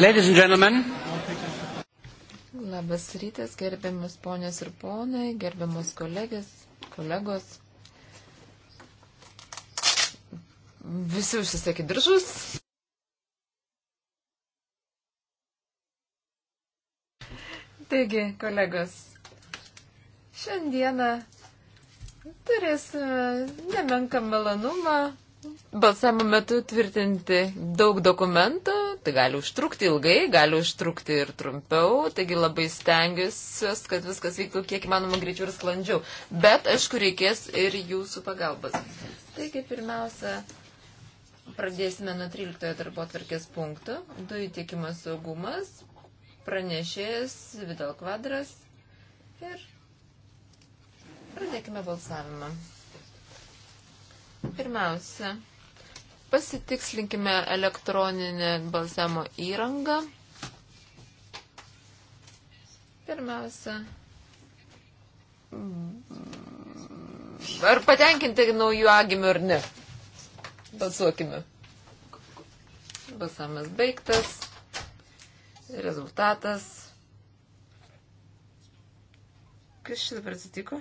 Ladies and gentlemen. Labas rytas, gerbiamas ponės ir ponai, gerbiamas kolegės, kolegos. Visi užsisakė diržus. Taigi, kolegos, šiandieną turėsime nemenką malonumą balsavimo metu tvirtinti daug dokumentų, tai gali užtrukti ilgai, gali užtrukti ir trumpiau, taigi labai stengiuosi, kad viskas vyktų kiek įmanoma greičiau ir sklandžiau. Bet, aišku, reikės ir jūsų pagalbos. Taigi, pirmiausia, pradėsime nuo 13 darbo atvarkės punktų. Dujų tiekimas saugumas, pranešėjas Vidal Kvadras ir pradėkime balsavimą. Pirmiausia, Pasitikslinkime elektroninę balsamo įrangą. Pirmiausia. Ar patenkinti naujų agimių ar ne? Balsuokime. Balsamas baigtas. Rezultatas. Kas čia dabar atsitiko?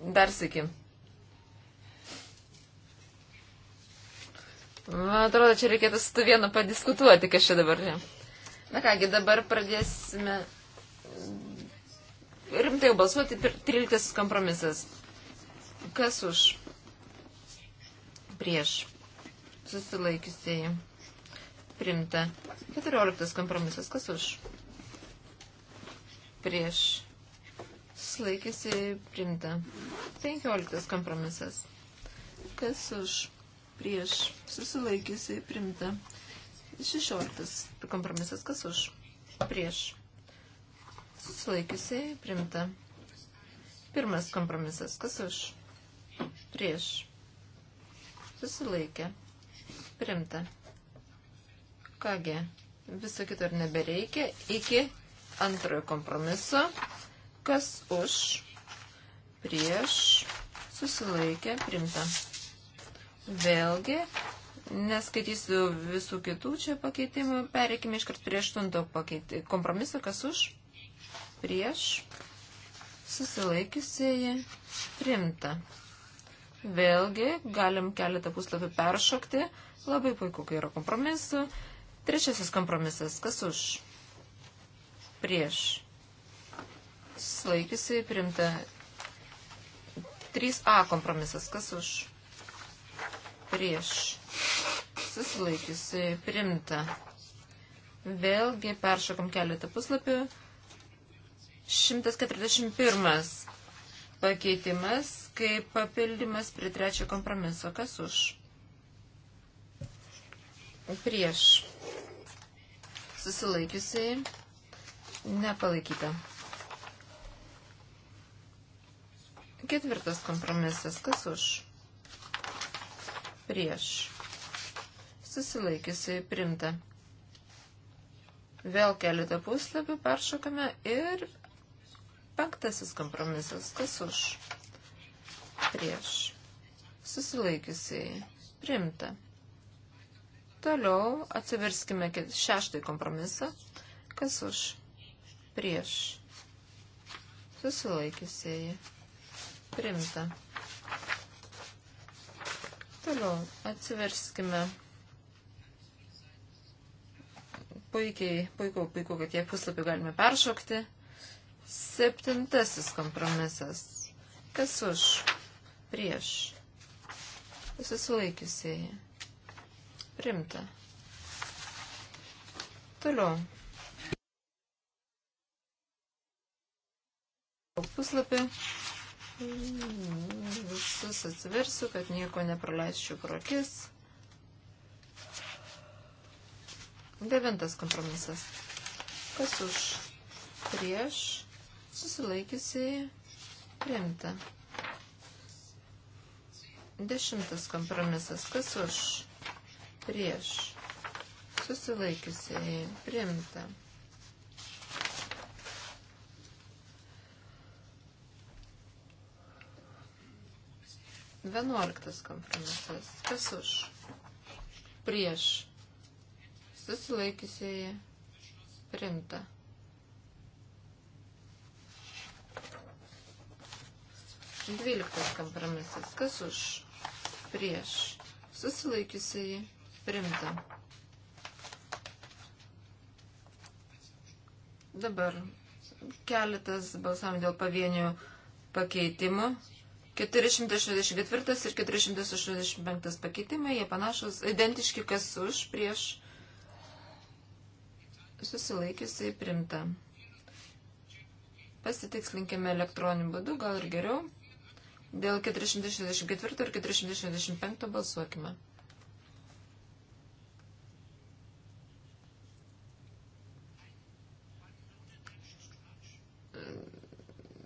Dar sakim. Man atrodo, čia reikėtų su tu vienu padiskutuoti, kas čia dabar. Na kągi, dabar pradėsime rimtai balsuoti. 13 kompromisas. Kas už? Prieš. Susilaikiusieji. Primta. 14 kompromisas. Kas už? Prieš laikėsi primta. 15 kompromisas. Kas už prieš susilaikysi primta. 16 kompromisas. Kas už prieš susilaikysi primta. Pirmas kompromisas. Kas už prieš susilaikė primta. Kągi, viso kito ir nebereikia iki antrojo kompromiso. Kas už, prieš, susilaikė, primta. Vėlgi, neskaitysiu visų kitų čia pakeitimų, pereikime iškart prie aštunto pakeitimo. Kompromiso, kas už, prieš, susilaikiusieji, primta. Vėlgi, galim keletą puslapį peršokti. Labai puiku, kai yra kompromisų. Trečiasis kompromisas. Kas už? Prieš. Slaikiusi primta 3A kompromisas. Kas už? Prieš. Susilaikiusi primta. Vėlgi peršokom keletą puslapių. 141 pakeitimas kaip papildymas prie trečio kompromiso. Kas už? Prieš. Susilaikiusiai nepalaikyta. Ketvirtas kompromisas. Kas už? Prieš. Susilaikiusiai primta. Vėl keletą puslapį peršokame ir penktasis kompromisas. Kas už? Prieš. Susilaikiusiai. Primta. Toliau atsiverskime šeštąjį kompromisą. Kas už? Prieš. Susilaikiusiai. Primta. Toliau atsiverskime. Puikiai, puiku, puiku, kad tiek puslapių galime peršokti. Septintasis kompromisas. Kas už? Prieš. Susilaikiusieji. Primta. Toliau. Puslapį Visus atsiversiu, kad nieko nepraleisčiau pro akis. Devintas kompromisas. Kas už? Prieš susilaikiusiai priimta. Dešimtas kompromisas. Kas už? Prieš susilaikiusiai priimta. Vienuoliktas kompromisas. Kas už? Prieš. Susilaikiusieji. Primta. Dvyliktas kompromisas. Kas už? Prieš. Susilaikiusieji. Primta. Dabar keletas balsam dėl pavienių pakeitimų. 464 ir 485 pakeitimai, jie panašus, identiški kas už, prieš susilaikiusiai primta. Pasitikslinkime elektroniniu būdu, gal ir geriau. Dėl 464 ir 465 balsuokime.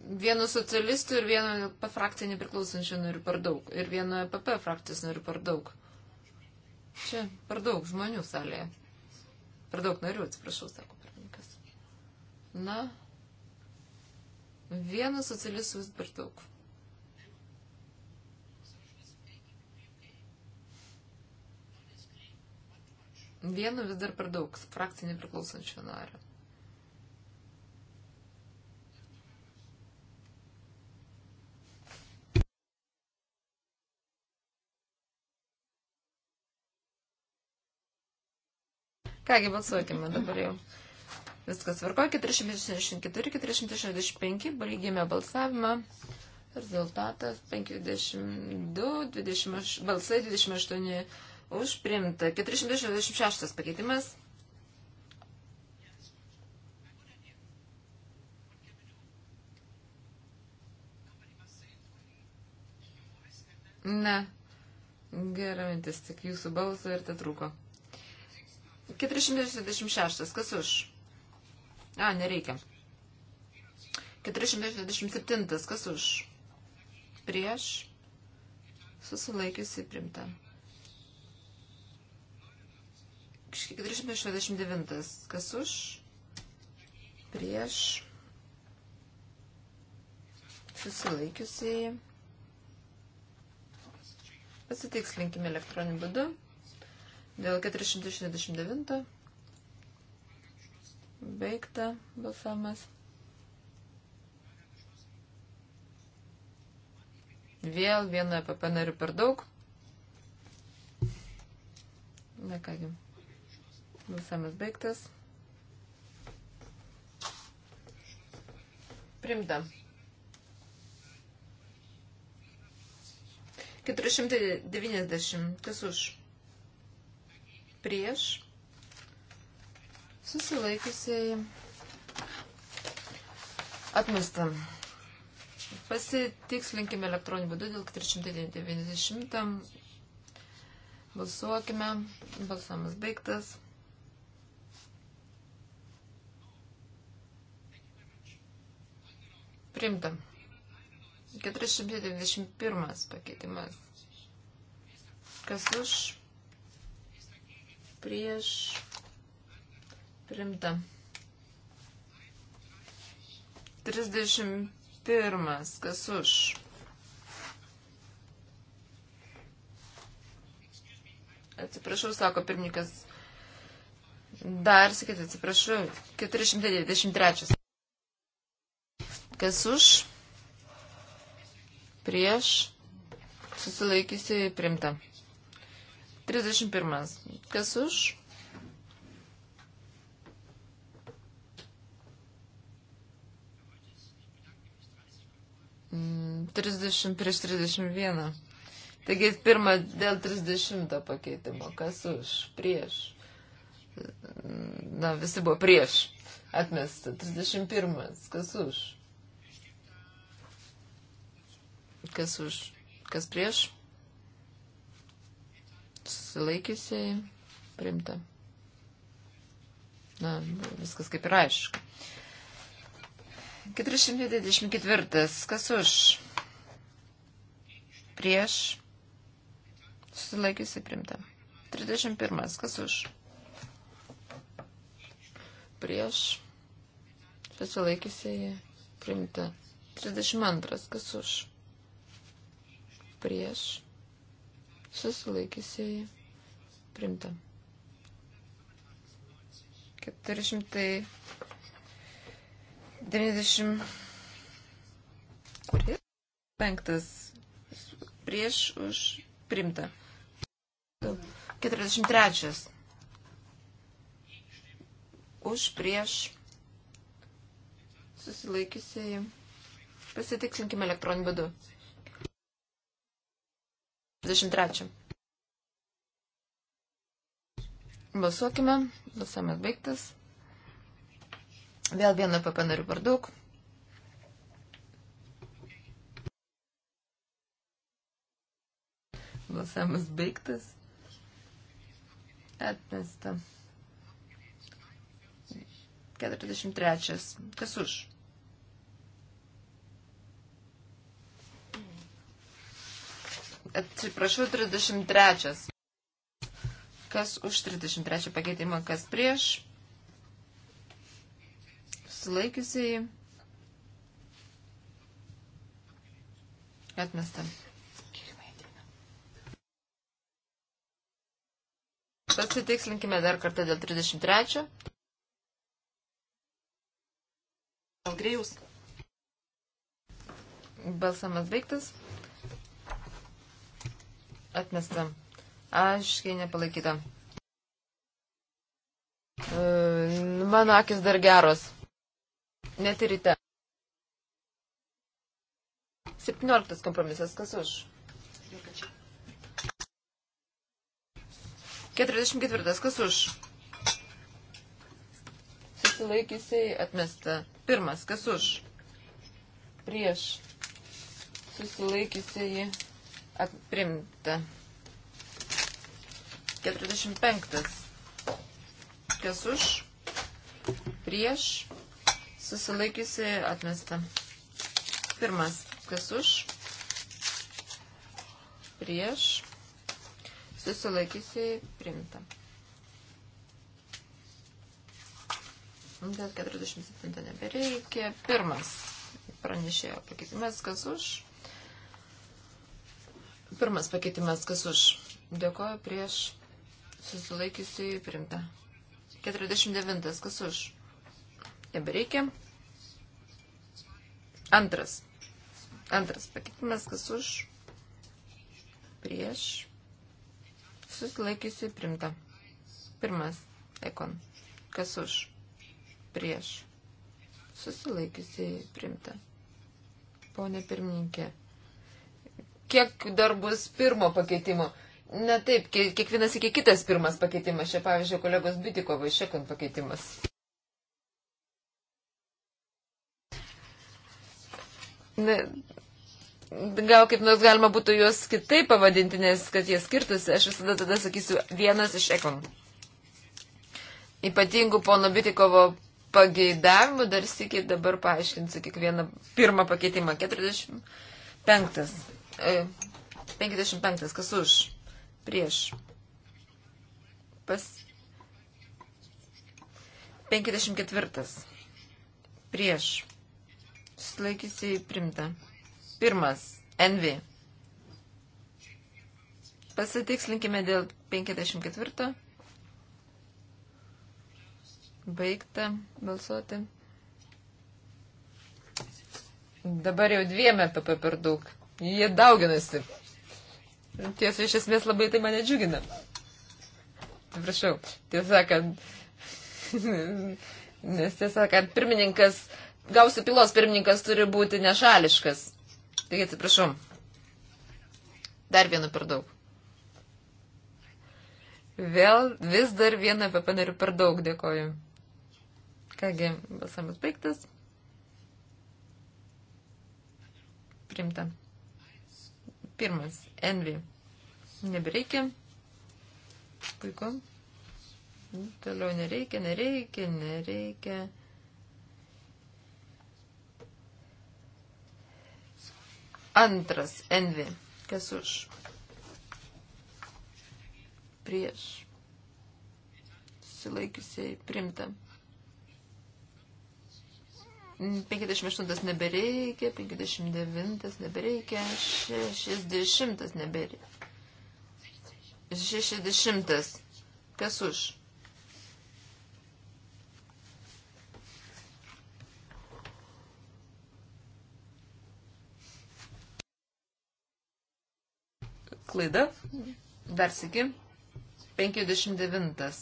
vienu socialistu ir vienu frakcijai nepriklausančiu noriu per daug. Ir vienu EPP frakcijos noriu per daug. Čia per daug žmonių salėje. Per daug narių, atsiprašau, sako pirmininkas. Na, vienu socialistu vis per daug. Vienu vis dar per daug frakcijai nepriklausančių nario. Kągi, balsuokime dabar jau. Viskas varko, 464, 465, baigėme balsavimą. Rezultatas 52, 20, balsai 28 už priimta. 466 pakeitimas. Ne. Gera mintis, tik jūsų balsą ir te trūko. 426. Kas už? A, nereikia. 427. Kas už? Prieš. Susilaikiusi primta. 469. Kas už? Prieš. Susilaikiusiai. Pasitikslinkime elektroniniu būdu. Dėl 469 baigta balsavimas. Vėl vieną EPP narių per daug. Na kągi, balsavimas baigtas. Primta. 490. Kas už? prieš susilaikiusiai atmesta. Pasitikslinkime elektroniniu būdu dėl 390. Balsuokime. Balsamas baigtas. Primta. 491 pakeitimas. Kas už? prieš primta. 31. Kas už? Atsiprašau, sako pirmininkas. Dar sakyti, atsiprašau. 493. Kas už? Prieš. Susilaikysi primta. 31. Kas už? Mm, 30 prieš 31. Taigi pirmą dėl 30 pakeitimo. Kas už? Prieš. Na, visi buvo prieš. Atmesta. 31. Kas už? Kas už? Kas prieš? sulaikiusiai primta. Na, viskas kaip ir aišku. 424. Kas už? Prieš. Susilaikiusi primta. 31. Kas už? Prieš. Susilaikiusi primta. 32. Kas už? Prieš susilaikysiai primta. 490. Kur jis? Penktas. Prieš už primta. 43. Už prieš susilaikysiai. Pasitikslinkime elektroniniu būdu. 23. Balsuokime. Balsavimas baigtas. Vėl vieno PP narių per daug. Balsavimas baigtas. Atmesta. 43. Kas už? atsiprašau, 33. Kas už 33 pakeitimą, kas prieš? Sulaikiusiai. Atmestam. Pasitikslinkime dar kartą dėl 33. Gal grėjus. Balsamas baigtas. Atmesta. Aiškiai nepalaikyta. E, mano akis dar geros. Net ir ryte. 17 kompromisas. Kas už? 44. Kas už? Susilaikysiai atmesta. Pirmas. Kas už? Prieš. Susilaikysiai Primta. 45. Kas už, prieš, susilaikiusi, atmesta. Pirmas. Kas už, prieš, susilaikiusi, primta. Dėl 47 nebereikia. Pirmas pranešėjo pakeitimas, kas už, Pirmas pakeitimas, kas už. Dėkoju prieš susilaikysiu įprimta. 49, kas už. Nebereikia. Antras. Antras pakeitimas, kas už. Prieš. Susilaikysiu įprimta. Pirmas. Ekon. Kas už. Prieš. Susilaikysiu įprimta. Pone pirmininkė kiek dar bus pirmo pakeitimo. Na taip, kiekvienas iki kitas pirmas pakeitimas. Čia, pavyzdžiui, kolegos Bitikovai šiekant pakeitimas. Na, gal kaip nors galima būtų juos kitaip pavadinti, nes kad jie skirtusi, aš visada tada sakysiu vienas iš ekon. Ypatingų pono Bitikovo pageidavimų dar sėkiai dabar paaiškinsiu kiekvieną pirmą pakeitimą. 45. 55. E, kas už? Prieš. Pas. 54. Prieš. Susilaikysiai primta. Pirmas. Envy. Pasitikslinkime dėl 54. Baigta balsuoti. Dabar jau dviem EPP per daug. Jie dauginasi. Tiesa, iš esmės labai tai mane džiugina. Prašau, tiesa, kad. Nes tiesa, kad pirmininkas, gausi pilos pirmininkas turi būti nešališkas. Taigi atsiprašau. Dar vienu per daug. Vėl vis dar vieną apie panarių per daug dėkoju. Kągi, balsamas baigtas. Primta. Pirmas. Envy. Nebereikia. Puiku. Toliau nereikia, nereikia, nereikia. Antras. Envy. Kas už? Prieš. Silaikiusiai primtam. 58 nebereikia, 59 nebereikia, 60 nebereikia. 60. Kas už? Klaida. Dar sėki. 59.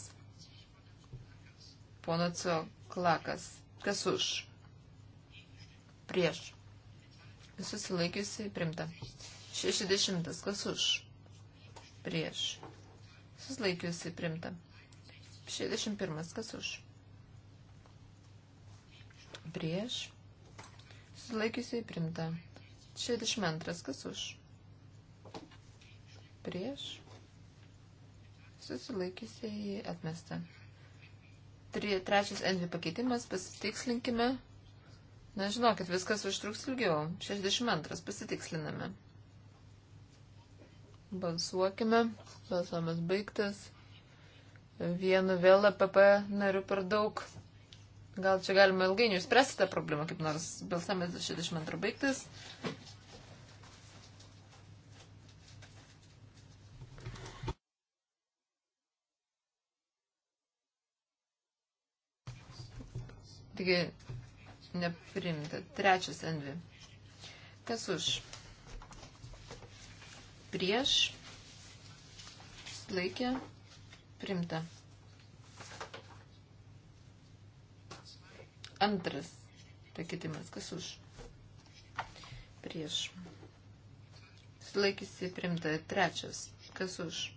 Pono Cio klakas. Kas už? prieš. Susilaikiusi primta. 60. Kas už? Prieš. Susilaikiusi primta. 61. Kas už? Prieš. Susilaikiusi primta. 62. Kas už? Prieš. Susilaikiusiai atmesta. Tre, trečias NV pakeitimas, pasitikslinkime. Na, žinokit, viskas užtruks ilgiau. 62. Pasitiksliname. Balsuokime. Balsuomas baigtas. Vienu vėl APP nariu per daug. Gal čia galima ilgainiui išspręsti tą problemą, kaip nors balsamas 62 baigtas. Taigi neprimta. Trečias NV. Kas už? Prieš laikė primta. Antras pakitimas. Kas už? Prieš. Laikysi primta. Trečias. Kas už?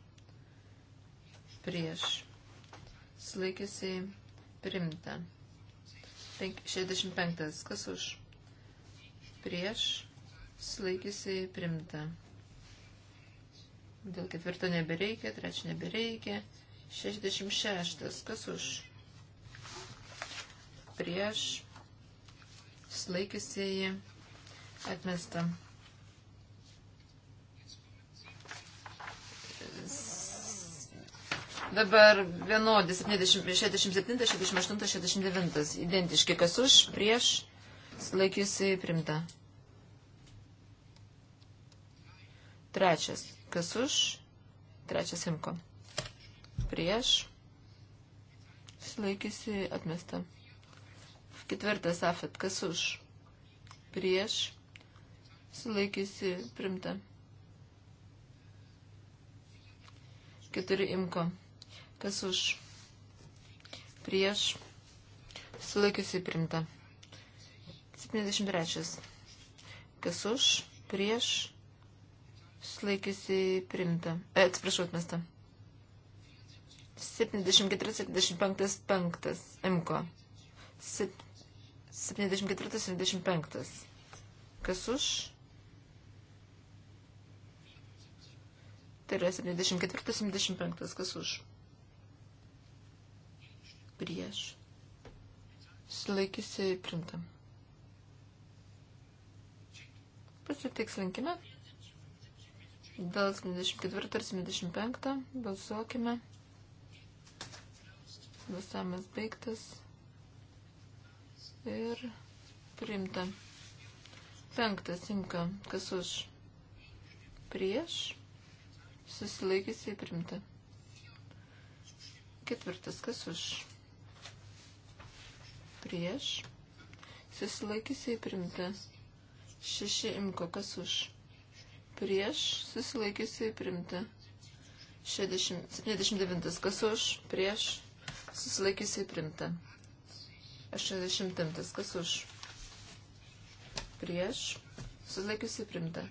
Prieš. Laikysi primta. 65. Kas už? Prieš sulaikysiai primta. Dėl ketvirto nebereikia, trečio nebereikia. 66. Kas už? Prieš sulaikysiai atmesta. Dabar vienodi 67, 68, 69. Identiški, kas už, prieš, sulaikiusi primta. Trečias, kas už, trečias imko. Prieš, sulaikiusi atmesta. Ketvirtas afet, kas už, prieš, sulaikiusi primta. Keturi imko Kas už? Prieš. Sulaikiusi primta. 73. Kas už? Prieš. Sulaikiusi primta. E, atsiprašau, atmesta. 74, 75, 5. Imko. 74, 75. Kas už? Tai yra 74, 75. Kas už? prieš, sulaikiusi primta. Pasitikslinkime. Dėl 74-75 balsuokime. Balsavimas baigtas. Ir primta. Penktas imka, kas už prieš, susilaikysiai primta. Ketvirtas, kas už prieš prieš, susilaikysiai primta. 6 imko kas už, prieš, susilaikysiai primta. 79 kas už, prieš, susilaikysiai primta. 80 kas už, prieš, susilaikysiai primta.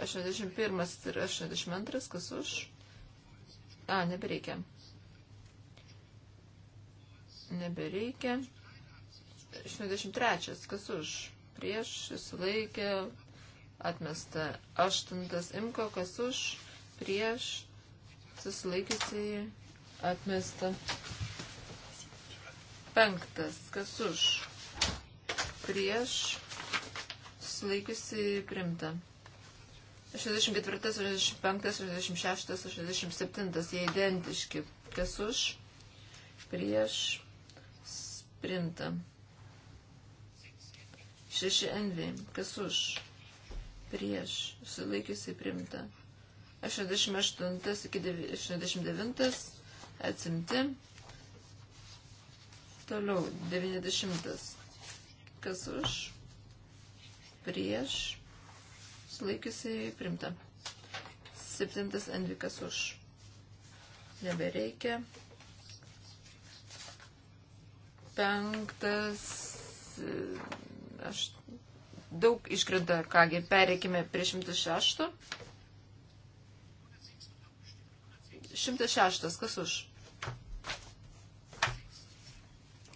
81 ir 82 kas už. A, nebereikia nebereikia. 163. Kas už? Prieš susilaikė atmesta. 8. Imko. Kas už? Prieš susilaikiusiai atmesta. 5. Kas už? Prieš susilaikiusiai primta. 64, 65, 66, 67, jie identiški. Kas už, prieš, sprinta. 6 NV. Kas už? Prieš. Sulaikiusiai primta. 88 iki 89 atsimti. Toliau 90. Kas už? Prieš. Sulaikiusiai primta. 7 NV. Kas už? Nebereikia penktas Aš daug iškrenta, kągi, pereikime prie 106. 106, kas už?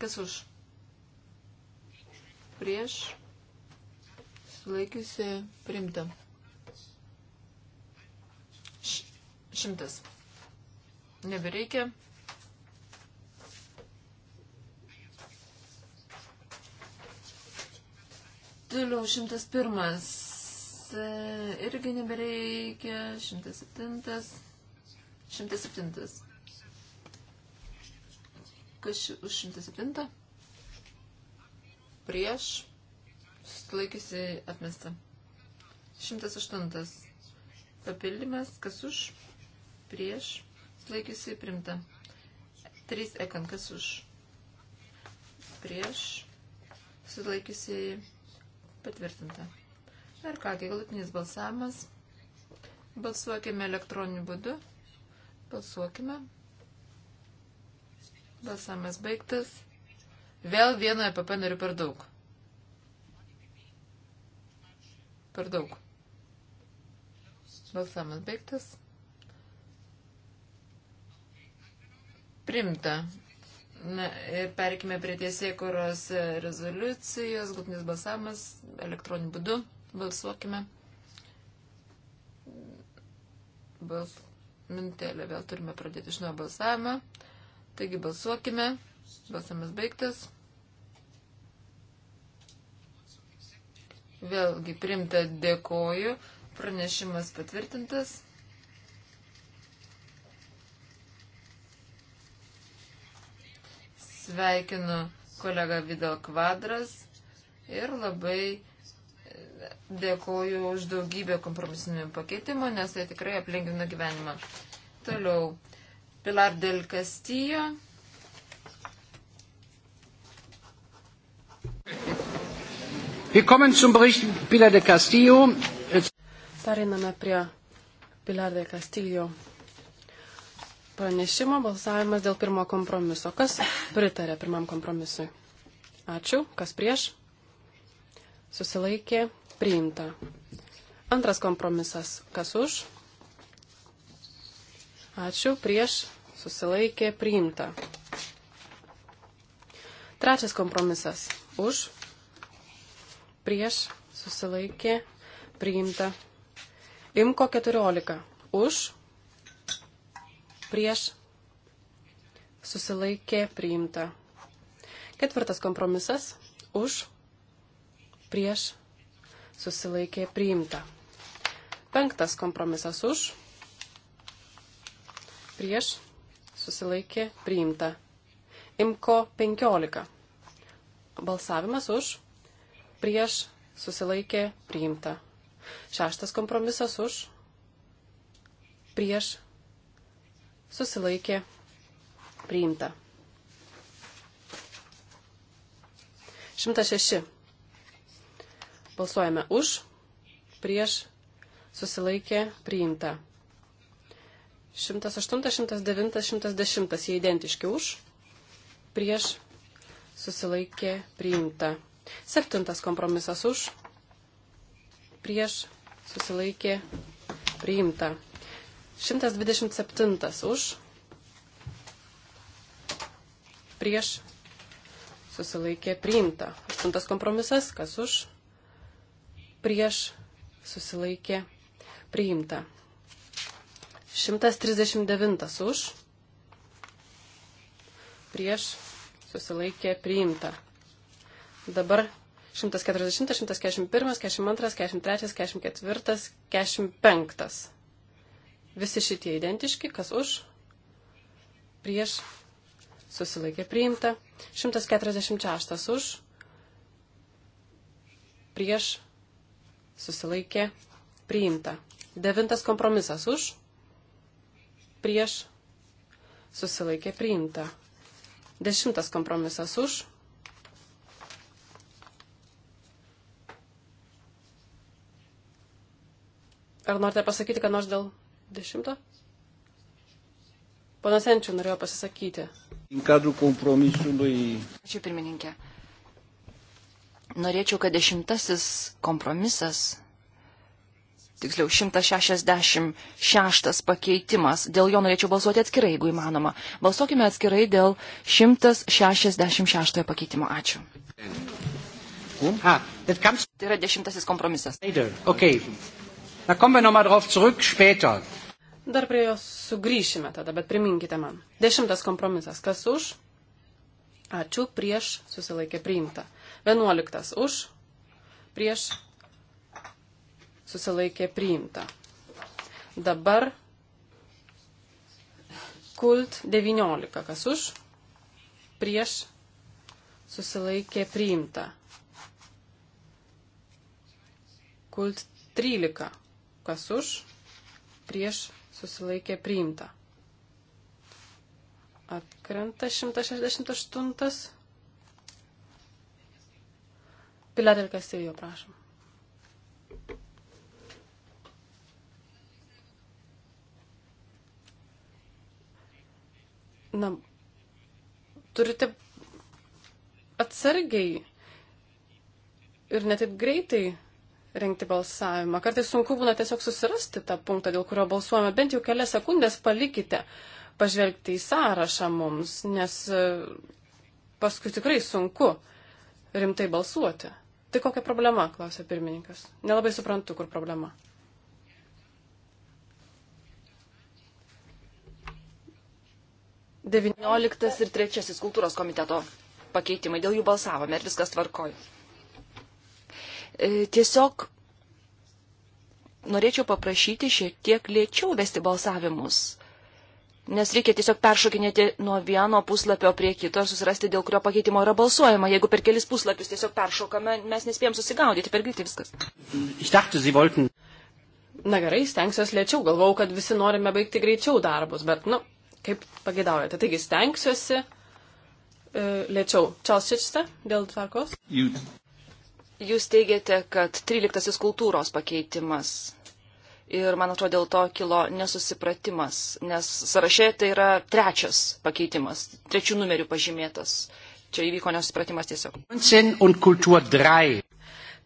Kas už? Prieš sulaikiusi primta. Šimtas. Nebereikia. Toliau 101. E, irgi nebereikia. 107. 107. Kas už 107? Prieš. Sulaikiusi atmesta. 108. Papildymas. Kas už? Prieš. Sulaikiusi primta. 3 ekan. Kas už? Prieš. Sulaikiusiai Patvirtinta. Ir kągi, galutinis balsavimas. Balsuokime elektroniniu būdu. Balsuokime. Balsavimas baigtas. Vėl vieno EPP nariu per daug. Per daug. Balsavimas baigtas. Primta. Na, ir perkime prie tiesiekuros rezoliucijos, galtinis balsavimas elektroniniu būdu. Balsuokime. Bals... Mintelė vėl turime pradėti iš nuo balsavimą. Taigi balsuokime. Balsavimas baigtas. Vėlgi primta dėkoju. Pranešimas patvirtintas. Sveikinu kolega Vidal Kvadras ir labai dėkoju už daugybę kompromisinių pakeitimų, nes tai tikrai aplengvina gyvenimą. Toliau. Pilar del Castillo. Wir kommen zum Bericht Pilar del Castillo. Periname prie Pilar del Castillo pranešimo balsavimas dėl pirmo kompromiso. Kas pritarė pirmam kompromisui? Ačiū. Kas prieš? Susilaikė. Priimta. Antras kompromisas. Kas už? Ačiū. Prieš? Susilaikė. Priimta. Trečias kompromisas. Už? Prieš? Susilaikė. Priimta. Imko 14. Už? prieš susilaikė priimta. Ketvirtas kompromisas už prieš susilaikė priimta. Penktas kompromisas už prieš susilaikė priimta. Imko 15. Balsavimas už prieš susilaikė priimta. Šeštas kompromisas už prieš susilaikė priimta. 106. Balsuojame už, prieš, susilaikė priimta. 108, 109, 110. Jie identiški už, prieš, susilaikė priimta. Septintas kompromisas už, prieš, susilaikė priimta. 127 už, prieš, susilaikė priimta. 8 kompromisas, kas už, prieš, susilaikė priimta. 139 už, prieš, susilaikė priimta. Dabar 140, 141, 42, 43, 44, 45. Visi šitie identiški, kas už, prieš, susilaikė priimta. 146 už, prieš, susilaikė priimta. Devintas kompromisas už, prieš, susilaikė priimta. Dešimtas kompromisas už. Ar norite pasakyti, kad nors dėl 10. Ponas Enčių norėjo pasisakyti. Ačiū pirmininkė. Norėčiau, kad dešimtasis kompromisas, tiksliau 166 pakeitimas, dėl jo norėčiau balsuoti atskirai, jeigu įmanoma. Balsuokime atskirai dėl 166 pakeitimo. Ačiū. Hm? Tai yra dešimtasis kompromisas. Okay. Da kommen wir nochmal drauf zurück später. Dar prie jos sugrįšime tada, bet priminkite man. Dešimtas kompromisas. Kas už? Ačiū, prieš susilaikė priimta. Vienuoliktas už, prieš susilaikė priimta. Dabar kult 19. Kas už, prieš susilaikė priimta. Kult 13. Kas už, prieš susilaikė priimta. Atkrenta 168. Pilat ir Kastilio, prašom. Na, turite atsargiai ir netaip greitai rengti balsavimą. Kartais sunku būna tiesiog susirasti tą punktą, dėl kurio balsuojame. Bent jau kelias sekundės palikite pažvelgti į sąrašą mums, nes e, paskui tikrai sunku rimtai balsuoti. Tai kokia problema, klausė pirmininkas. Nelabai suprantu, kur problema. Devynioliktas ir trečiasis kultūros komiteto pakeitimai. Dėl jų balsavome ir viskas tvarkoju. E, tiesiog norėčiau paprašyti šiek tiek lėčiau vesti balsavimus. Nes reikia tiesiog peršokinėti nuo vieno puslapio prie kito ir susirasti, dėl kurio pakeitimo yra balsuojama. Jeigu per kelis puslapius tiesiog peršokame, mes nespėjom susigaudyti, per greitai viskas. Na gerai, stengsiuosi lėčiau. Galvau, kad visi norime baigti greičiau darbus, bet, nu, kaip pagėdaujate. Taigi, stengsiuosi e, lėčiau. Čelsičte, dėl tvarkos? Jūs teigiate, kad 13 kultūros pakeitimas. Ir man atrodo, dėl to kilo nesusipratimas, nes sąraše tai yra trečias pakeitimas, trečių numerių pažymėtas. Čia įvyko nesusipratimas tiesiog.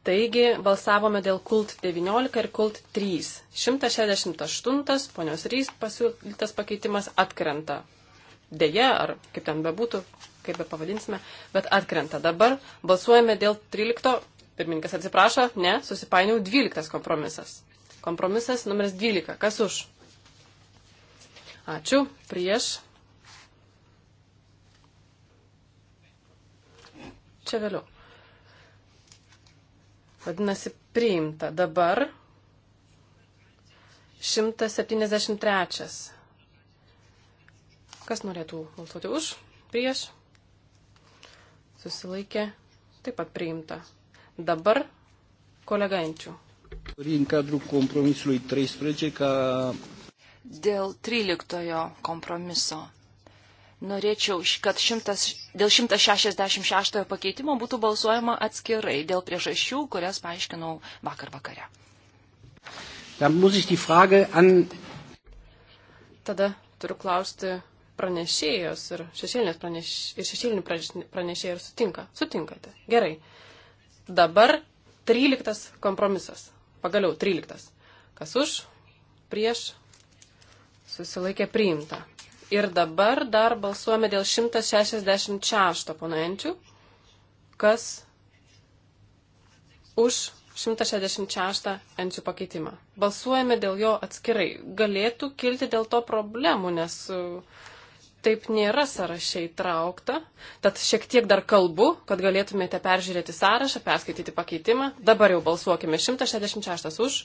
Taigi balsavome dėl kult 19 ir kult 3. 168 ponios Rys pasiūlytas pakeitimas atkrenta. Deja, ar kaip ten bebūtų, kaip be pavadinsime, bet atkrenta. Dabar balsuojame dėl 13 Pirmininkas atsiprašo, ne, susipainiau 12 kompromisas. Kompromisas numeris 12. Kas už? Ačiū. Prieš. Čia vėliau. Vadinasi, priimta. Dabar 173. Kas norėtų balsuoti už? Prieš? Susilaikė. Taip pat priimta. Dabar kolega Enčių. Dėl 13 kompromiso. Norėčiau, kad šimtas, dėl 166 pakeitimo būtų balsuojama atskirai dėl priežasčių, kurias paaiškinau vakar vakare. An... Tada turiu klausti pranešėjos ir šešėlinės praneš, ir šešėlinių pranešėjų ir sutinka. Sutinkate. Gerai. Dabar 13 kompromisas. Pagaliau 13. Kas už, prieš, susilaikė priimta. Ir dabar dar balsuojame dėl 166 ponenčių. Kas už 166 enčių pakeitimą. Balsuojame dėl jo atskirai. Galėtų kilti dėl to problemų, nes uh, taip nėra sąrašai traukta. Tad šiek tiek dar kalbu, kad galėtumėte peržiūrėti sąrašą, perskaityti pakeitimą. Dabar jau balsuokime 166 už,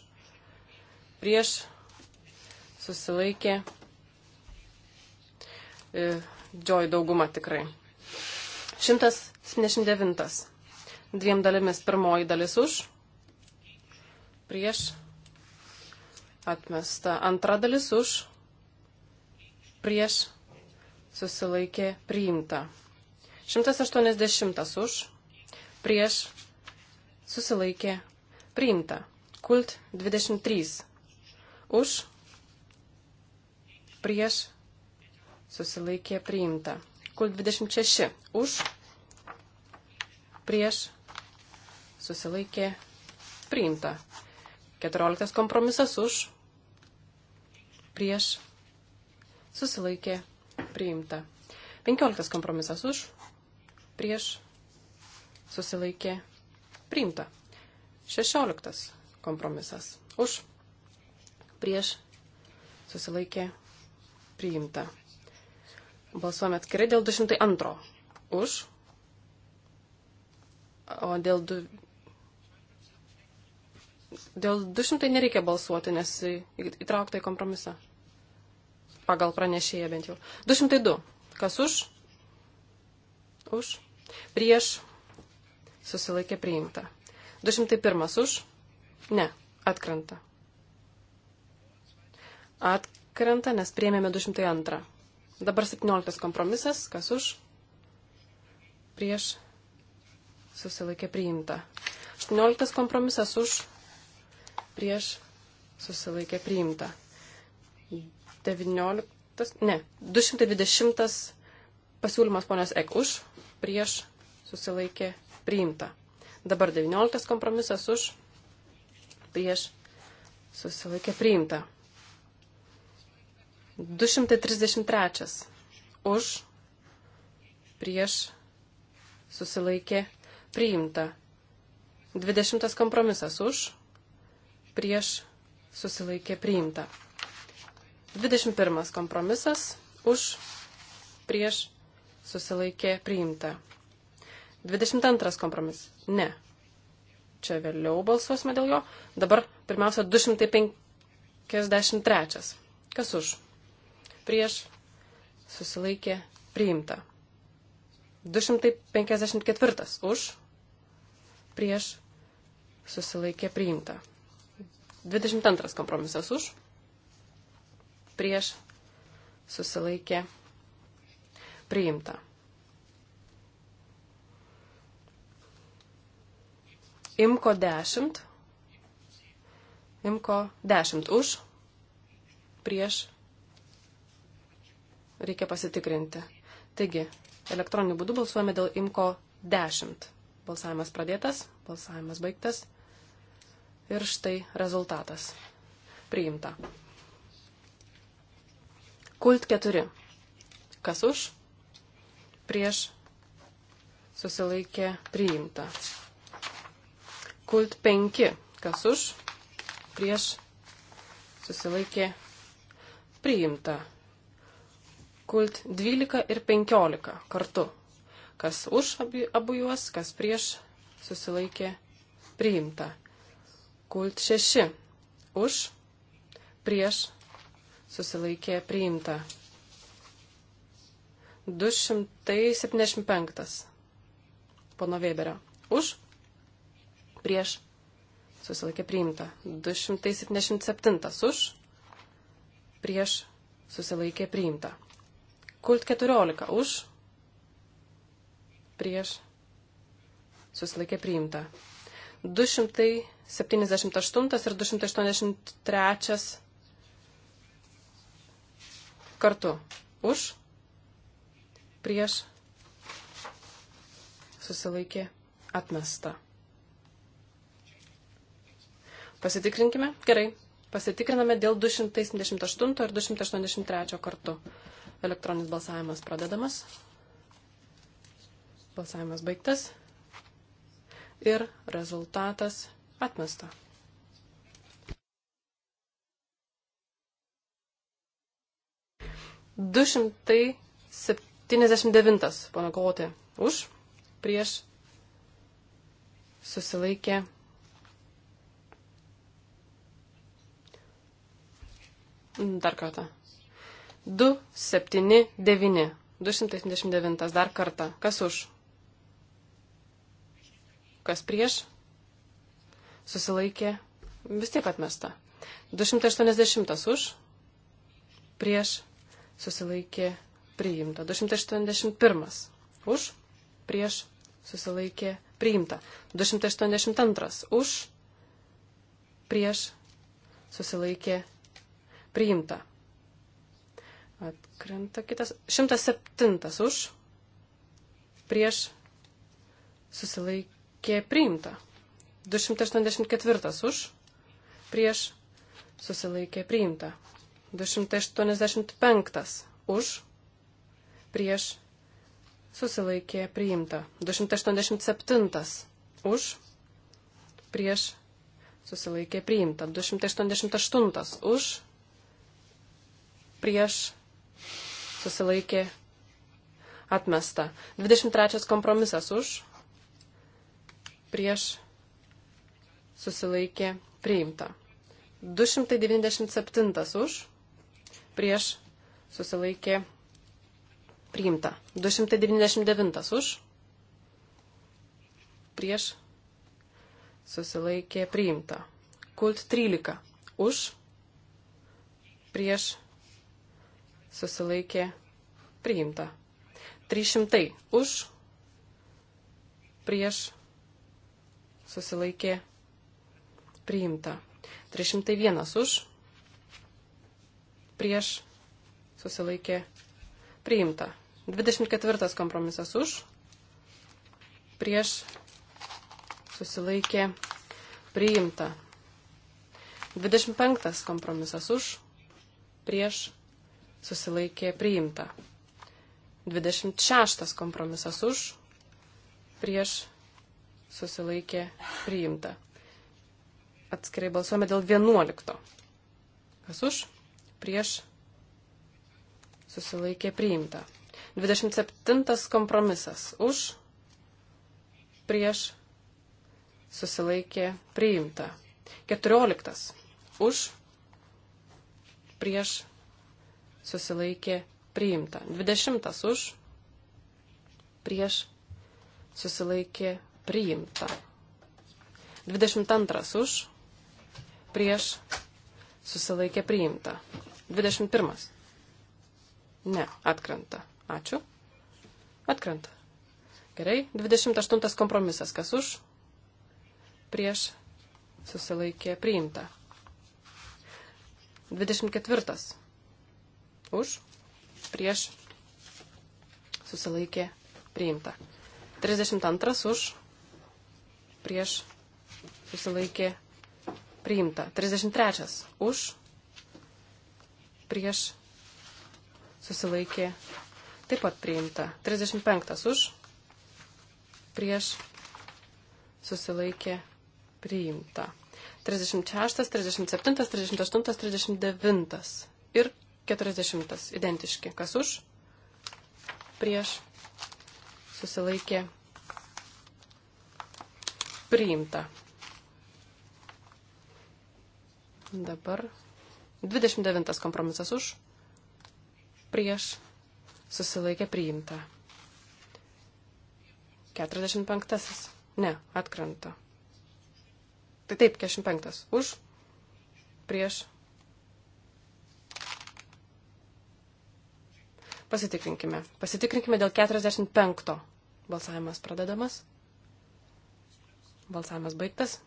prieš, susilaikė. E, Džoj dauguma tikrai. 179. Dviem dalimis pirmoji dalis už, prieš, atmesta. Antra dalis už, prieš, susilaikė priimta. 180 už, prieš susilaikė priimta. Kult 23 už, prieš susilaikė priimta. Kult 26 už, prieš susilaikė priimta. 14 kompromisas už, prieš susilaikė priimta. 15 kompromisas už, prieš, susilaikė, priimta. 16 kompromisas už, prieš, susilaikė, priimta. Balsuojame atskirai dėl 202 už, o dėl 2. Du... Dėl 200 nereikia balsuoti, nes įtraukta į kompromisą pagal pranešėją bent jau. 202. Kas už? Už. Prieš. Susilaikė priimta. 201. Už. Ne. Atkrenta. Atkrenta, nes priėmėme 202. Dabar 17 kompromisas. Kas už? Prieš. Susilaikė priimta. 18 kompromisas už. Prieš. Susilaikė priimta. 19, ne, 220 pasiūlymas ponios Ek už, prieš susilaikė priimta. Dabar 19 kompromisas už, prieš susilaikė priimta. 233 už, prieš susilaikė priimta. 20 kompromisas už, prieš susilaikė priimta. 21 kompromisas už prieš susilaikė priimta. 22 kompromisas. Ne. Čia vėliau balsuosime dėl jo. Dabar pirmiausia 253. Kas už? Prieš susilaikė priimta. 254 už prieš susilaikė priimta. 22 kompromisas už prieš susilaikė priimta. Imko 10. Imko 10 už prieš reikia pasitikrinti. Taigi, elektroniniu būdu balsuojame dėl Imko 10. Balsavimas pradėtas, balsavimas baigtas. Ir štai rezultatas. Priimta. Kult 4. Kas už? Prieš susilaikė priimta. Kult 5. Kas už? Prieš susilaikė priimta. Kult 12 ir 15 kartu. Kas už abu juos, kas prieš susilaikė priimta. Kult 6. Už, prieš susilaikė priimta. 275. Pono Weberio. Už, prieš, susilaikė priimta. 277. Už, prieš, susilaikė priimta. Kult 14. Už, prieš, susilaikė priimta. 278 ir 283 kartu už, prieš, susilaikė, atmesta. Pasitikrinkime. Gerai. Pasitikriname dėl 278 ir 283 kartu. Elektroninis balsavimas pradedamas. Balsavimas baigtas. Ir rezultatas atmesta. 279, pono Klotė, už, prieš, susilaikė. Dar kartą. 279. 279. Dar kartą. Kas už? Kas prieš? Susilaikė. Vis tiek atmesta. 280 už. Prieš susilaikė priimta. 281. Už, prieš, susilaikė priimta. 282. Už, prieš, susilaikė priimta. Atkrenta kitas. 107. Už, prieš, susilaikė priimta. 284. Už, prieš, susilaikė priimta. 285 už, prieš, susilaikė priimta. 287 už, prieš, susilaikė priimta. 288 už, prieš, susilaikė atmesta. 23 kompromisas už, prieš, susilaikė priimta. 297 už, prieš susilaikė priimta. 299 už prieš susilaikė priimta. Kult 13 už prieš susilaikė priimta. 300 už prieš susilaikė priimta. 301 už prieš susilaikė priimta. 24 kompromisas už, prieš susilaikė priimta. 25 kompromisas už, prieš susilaikė priimta. 26 kompromisas už, prieš susilaikė priimta. Atskirai balsuojame dėl 11. Kas už? prieš susilaikė priimta. 27 kompromisas už, prieš susilaikė priimta. 14 už, prieš susilaikė priimta. 20 už, prieš susilaikė priimta. 22 už, prieš susilaikė priimta. 21. Ne, atkrenta. Ačiū. Atkrenta. Gerai. 28 kompromisas. Kas už? Prieš susilaikė priimta. 24. Už? Prieš susilaikė priimta. 32 už prieš susilaikė priimta. 33 už prieš susilaikė taip pat priimta. 35 už prieš susilaikė priimta. 36, 37, 38, 39 ir 40 identiški. Kas už prieš susilaikė priimta. Dabar 29 kompromisas už, prieš, susilaikė priimta. 45. Ne, atkrenta. Tai taip, 45. Už, prieš. Pasitikrinkime. Pasitikrinkime dėl 45. Balsavimas pradedamas. Balsavimas baigtas.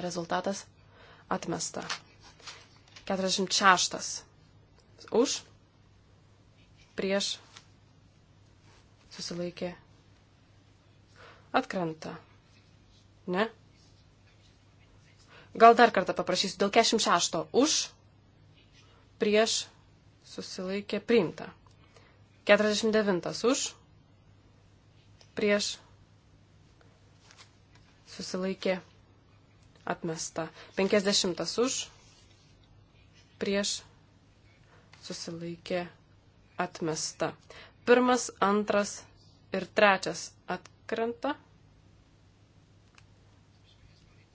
Rezultatas atmesta. 46. Už. Prieš. Susilaikė. Atkrenta. Ne? Gal dar kartą paprašysiu. Dėl 46. Už. Prieš. Susilaikė. Priimta. 49. Už. Prieš. Susilaikė. Atmesta. 50. Už prieš susilaikė atmesta. Pirmas, antras ir trečias atkrenta.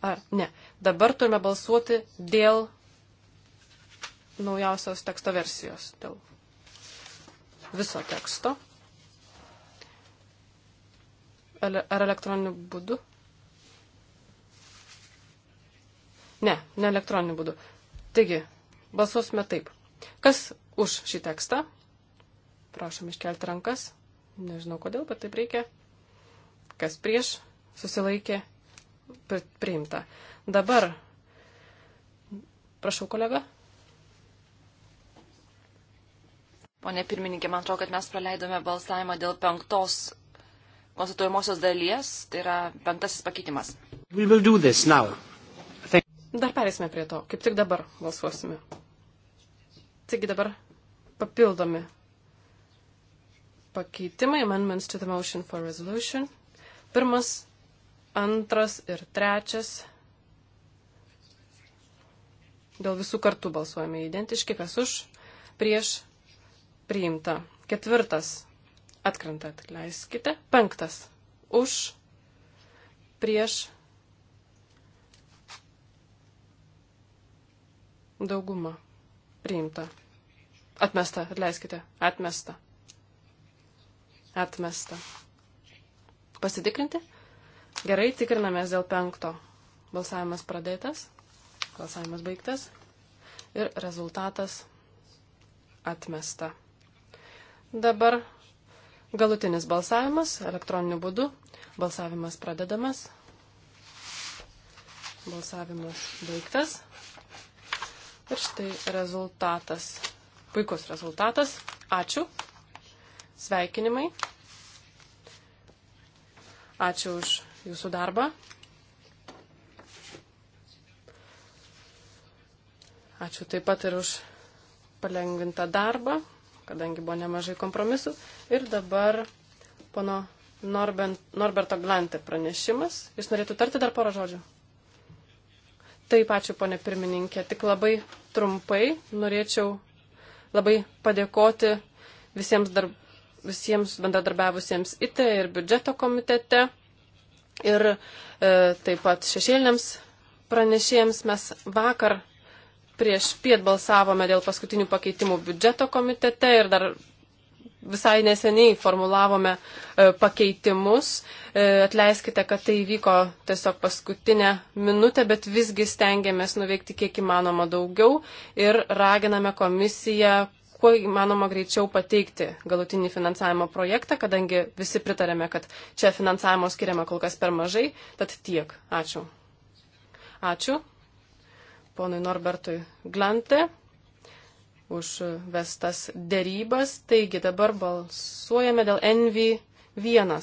Ar ne? Dabar turime balsuoti dėl naujausios teksto versijos, dėl viso teksto. Ar elektroniniu būdu? Ne, ne elektroniniu būdu. Taigi, Balsuosime taip. Kas už šį tekstą? Prašom iškelti rankas. Nežinau kodėl, bet taip reikia. Kas prieš? Susilaikė. Priimta. Dabar. Prašau, kolega. Pone pirmininkė, man atrodo, kad mes praleidome balsavimą dėl penktos konstatuojamosios dalies, tai yra penktasis pakeitimas. Dar perėsime prie to, kaip tik dabar balsuosime. Taigi dabar papildomi pakeitimai, amendments to the motion for resolution. Pirmas, antras ir trečias. Dėl visų kartų balsuojame identiški, kas už, prieš, priimta. Ketvirtas, atkrenta, atleiskite. Penktas, už, prieš, dauguma, priimta. Atmesta, atleiskite. Atmesta. Atmesta. Pasitikrinti? Gerai, tikrinamės dėl penkto. Balsavimas pradėtas, balsavimas baigtas ir rezultatas atmesta. Dabar galutinis balsavimas elektroniniu būdu. Balsavimas pradedamas. Balsavimas baigtas. Ir štai rezultatas. Puikus rezultatas. Ačiū. Sveikinimai. Ačiū už jūsų darbą. Ačiū taip pat ir už palengvintą darbą, kadangi buvo nemažai kompromisų. Ir dabar pono Norben, Norberto Glantė pranešimas. Jis norėtų tarti dar porą žodžių. Taip, ačiū, ponė pirmininkė. Tik labai trumpai norėčiau labai padėkoti visiems, dar, visiems bendradarbiavusiems ITE ir biudžeto komitete ir e, taip pat šešėliniams pranešėjams. Mes vakar prieš piet balsavome dėl paskutinių pakeitimų biudžeto komitete ir dar visai neseniai formulavome e, pakeitimus. E, atleiskite, kad tai vyko tiesiog paskutinę minutę, bet visgi stengiamės nuveikti kiek įmanoma daugiau ir raginame komisiją kuo įmanoma greičiau pateikti galutinį finansavimo projektą, kadangi visi pritarėme, kad čia finansavimo skiriama kol kas per mažai. Tad tiek. Ačiū. Ačiū. Ponui Norbertui Glante už vestas dėrybas. Taigi dabar balsuojame dėl NV1.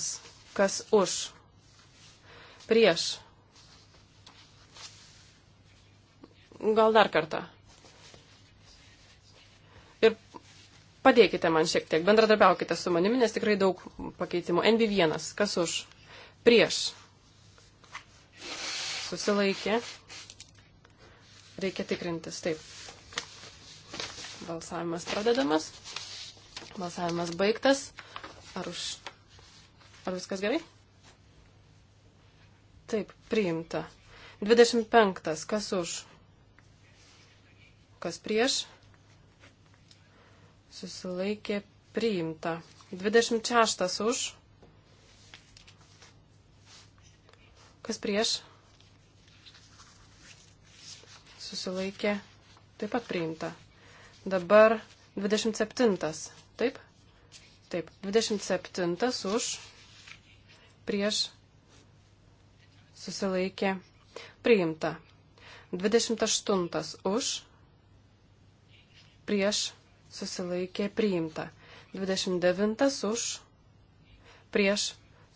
Kas už? Prieš. Gal dar kartą. Ir padėkite man šiek tiek, bendradarbiaukite su manimi, nes tikrai daug pakeitimų. NV1. Kas už? Prieš. Susilaikė. Reikia tikrintis. Taip. Balsavimas pradedamas. Balsavimas baigtas. Ar, už... Ar viskas gerai? Taip, priimta. 25. Kas už? Kas prieš? Susilaikė priimta. 26. Už? Kas prieš? Susilaikė taip pat priimta. Dabar 27. Taip? Taip. 27 už prieš susilaikė priimta. 28 už prieš susilaikė priimta. 29 už prieš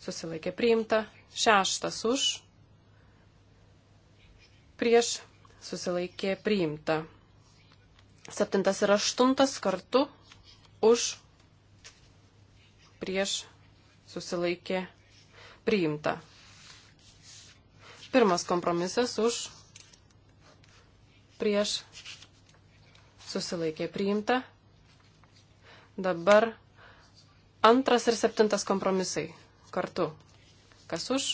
susilaikė priimta. 6 už prieš susilaikė priimta. Septintas ir aštuntas kartu už prieš susilaikė priimta. Pirmas kompromisas už prieš susilaikė priimta. Dabar antras ir septintas kompromisai kartu. Kas už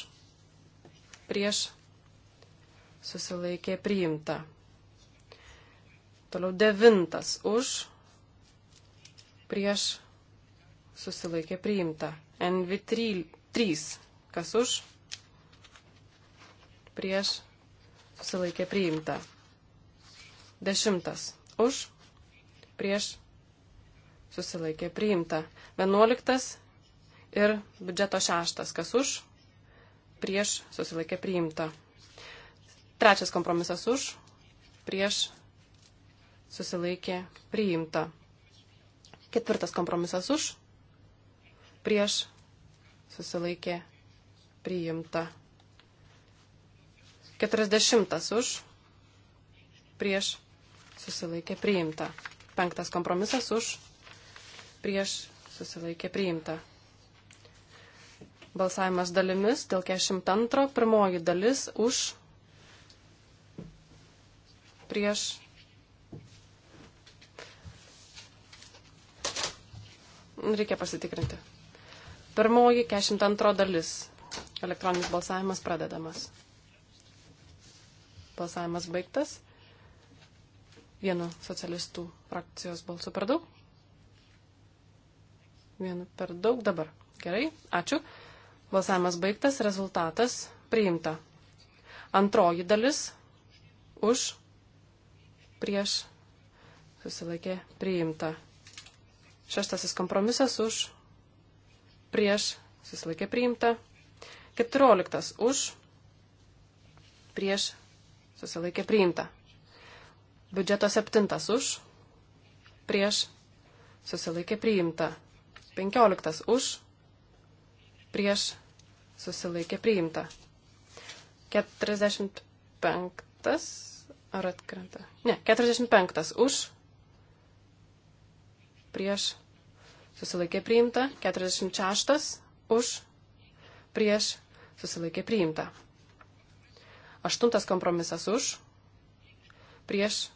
prieš susilaikė priimta. Toliau devintas už, prieš susilaikė priimta. NV3, 3, kas už, prieš susilaikė priimta. Dešimtas už, prieš susilaikė priimta. Vienuoliktas ir biudžeto šeštas, kas už, prieš susilaikė priimta. Trečias kompromisas už, prieš susilaikė priimta. Ketvirtas kompromisas už, prieš susilaikė priimta. Keturiasdešimtas už, prieš susilaikė priimta. Penktas kompromisas už, prieš susilaikė priimta. Balsavimas dalimis dėl 42, pirmoji dalis už, prieš Reikia pasitikrinti. Pirmoji 42 dalis. Elektroninis balsavimas pradedamas. Balsavimas baigtas. Vienu socialistų frakcijos balsu per daug. Vienu per daug dabar. Gerai, ačiū. Balsavimas baigtas, rezultatas priimta. Antroji dalis už prieš susilaikė priimta. Šeštasis kompromisas už, prieš, susilaikė priimta. Keturioliktas už, prieš, susilaikė priimta. Biudžeto septintas už, prieš, susilaikė priimta. Penkioliktas už, prieš, susilaikė priimta. Keturiasdešimt penktas ar atkrenta? Ne, keturiasdešimt penktas už, prieš susilaikė priimta, 46 už, prieš susilaikė priimta. Aštuntas kompromisas už, prieš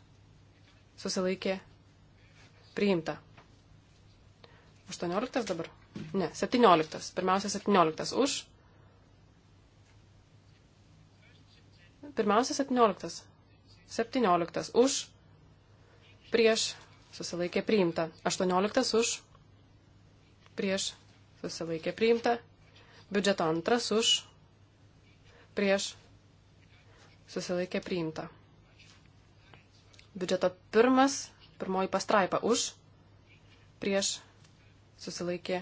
susilaikė priimta. 18 dabar? Ne, 17. Pirmiausia, 17 už. Pirmiausia, 17. 17 už, prieš susilaikė priimta. 18 už, prieš, susilaikė priimta. Biudžeto antras už, prieš, susilaikė priimta. Biudžeto pirmas, pirmoji pastraipa už, prieš, susilaikė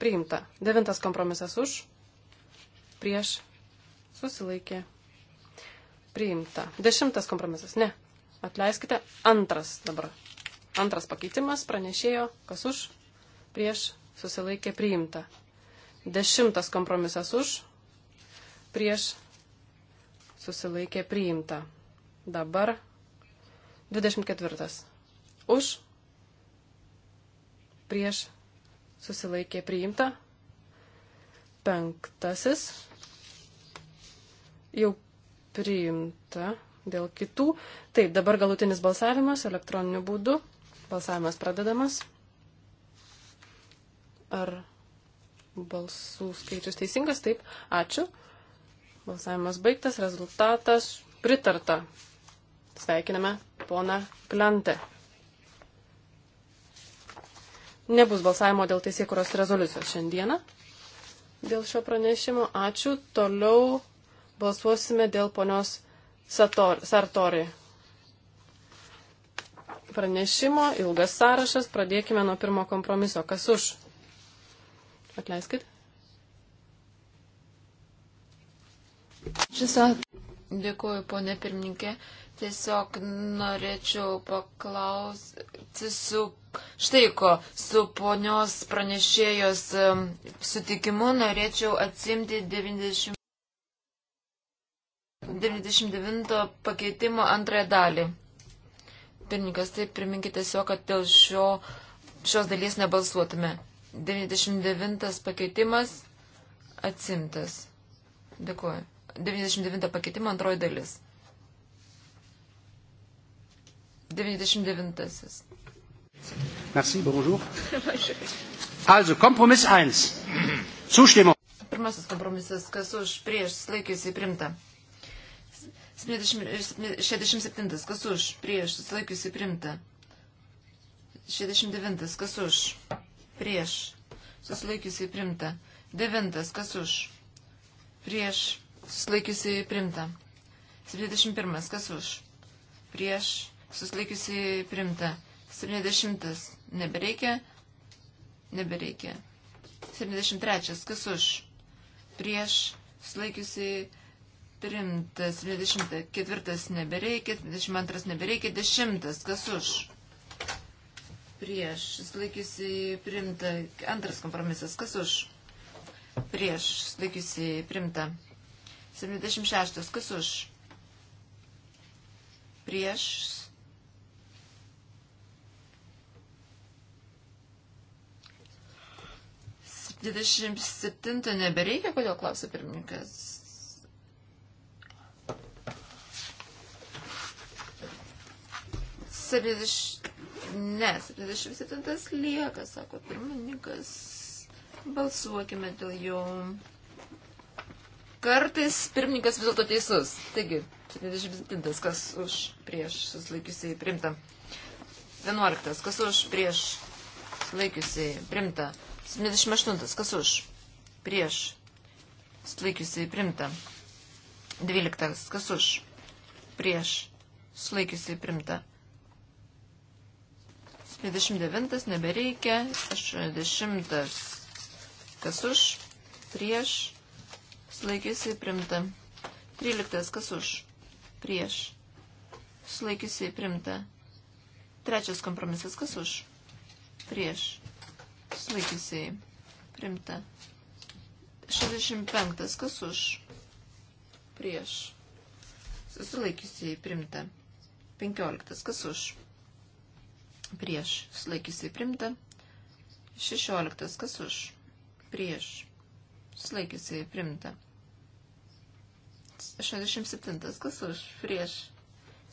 priimta. Devintas kompromisas už, prieš, susilaikė priimta. Dešimtas kompromisas, ne. Atleiskite, antras dabar Antras pakeitimas pranešėjo, kas už, prieš, susilaikė priimta. Dešimtas kompromisas už, prieš, susilaikė priimta. Dabar 24. Už, prieš, susilaikė priimta. Penktasis jau priimta dėl kitų. Taip, dabar galutinis balsavimas elektroniniu būdu. Balsavimas pradedamas. Ar balsų skaičius teisingas? Taip. Ačiū. Balsavimas baigtas. Rezultatas pritarta. Sveikiname poną Klantę. Nebus balsavimo dėl teisėkuros rezoliucijos šiandieną. Dėl šio pranešimo ačiū. Toliau balsuosime dėl ponios Sartori pranešimo, ilgas sąrašas, pradėkime nuo pirmo kompromiso. Kas už? Atleiskit. Žisa. Dėkuoju, ponė pirmininkė. Tiesiog norėčiau paklausti su štai ko, su ponios pranešėjos sutikimu norėčiau atsimti 90, 99 pakeitimo antrąją dalį. Pirmininkas, taip priminkite tiesiog, kad dėl šio, šios dalies nebalsuotume. 99 pakeitimas atsimtas. Dėkuoju. 99 pakeitimo antroji dalis. 99. Merci, bonjour. Also, kompromis 1. Zustimmung. Pirmasis kompromisas, kas už prieš laikėsi primta. 67. Kas už? Prieš. Susilaikiusi primta. 69. Kas už? Prieš. Susilaikiusi primta. 9. Kas už? Prieš. Susilaikiusi primta. 71. Kas už? Prieš. Susilaikiusi primta. 70. Nebereikia. Nebereikia. 73. Kas už? Prieš. Susilaikiusi primta Primtas 24 nebereikia, 22 nebereikia, 10 kas už. Prieš laikiusi primta antras kompromisas kas už. Prieš laikiusi primta 76 kas už. Prieš Dvidešimt septinto nebereikia, kodėl klausia pirmininkas. 70. Ne, 77 lieka, sako pirmininkas. Balsuokime dėl jo. Kartais pirmininkas vis dėlto teisus. Taigi, 77 kas už prieš susilaikiusiai primta. 11 kas už prieš susilaikiusiai primta. 78 kas už prieš susilaikiusiai primta. 12 kas už prieš susilaikiusiai primta. 59 nebereikia, 60 kas už, prieš, sulaikiusi primta. 13 kas už, prieš, sulaikiusi primta. Trečias kompromisas kas už, prieš, sulaikiusi primta. 65 kas už, prieš, susilaikiusi primta. 15 kas už prieš, slaikysi primta. 16. Kas už? Prieš. Slaikysi primta. 67. Kas už? Prieš.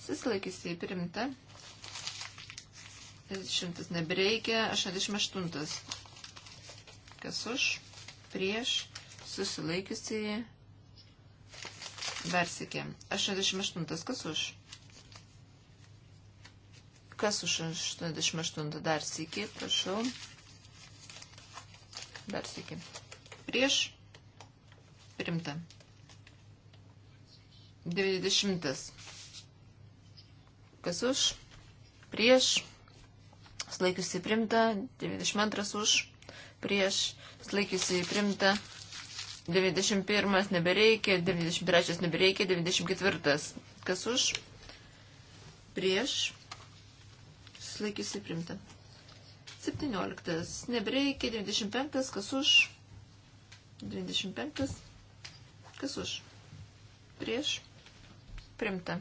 Sislaikysi primta. 100 nebereikia. 88. Kas už? Prieš. Susilaikysi. Versikė. 88. Kas už? Kas už 88 dar sėki, prašau. Dar sėki. Prieš. Primta. 90. Kas už? Prieš. Slaikiusi primta. 92 už. Prieš. Slaikiusi primta. 91 nebereikia. 93 nebereikia. 94. Kas už? Prieš susilaikysi primta. 17. Nebreikia 95. Kas už? 95. Kas už? Prieš. Primta.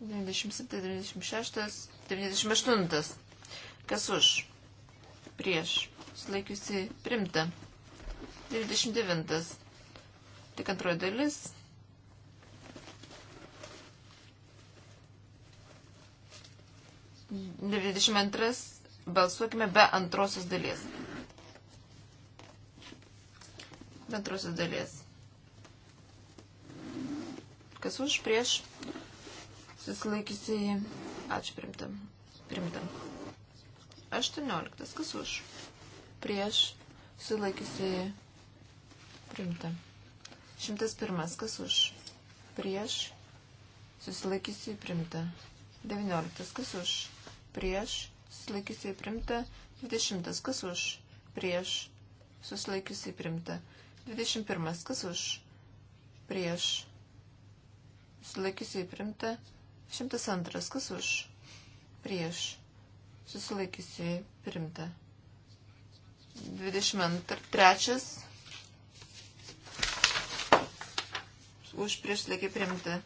97, 96, 98. Kas už? Prieš. Sulaikiusi primta. 29. Tik antroji dalis. 92 balsuokime be antrosios dalies. Be antrosios dalies. Kas už prieš susilaikysiai. Ačiū primtam. Primtam. 18. Kas už prieš susilaikysiai. Primtam. 101. Kas už prieš susilaikysiai. Primtam. 19. Kas už prieš, susilaikysiai primta, 20 kas už, prieš, susilaikysiai primta, 21 kas už, prieš, susilaikysiai primta, 102 kas už, prieš, susilaikysiai primta, 23 už, prieš, susilaikiai primta,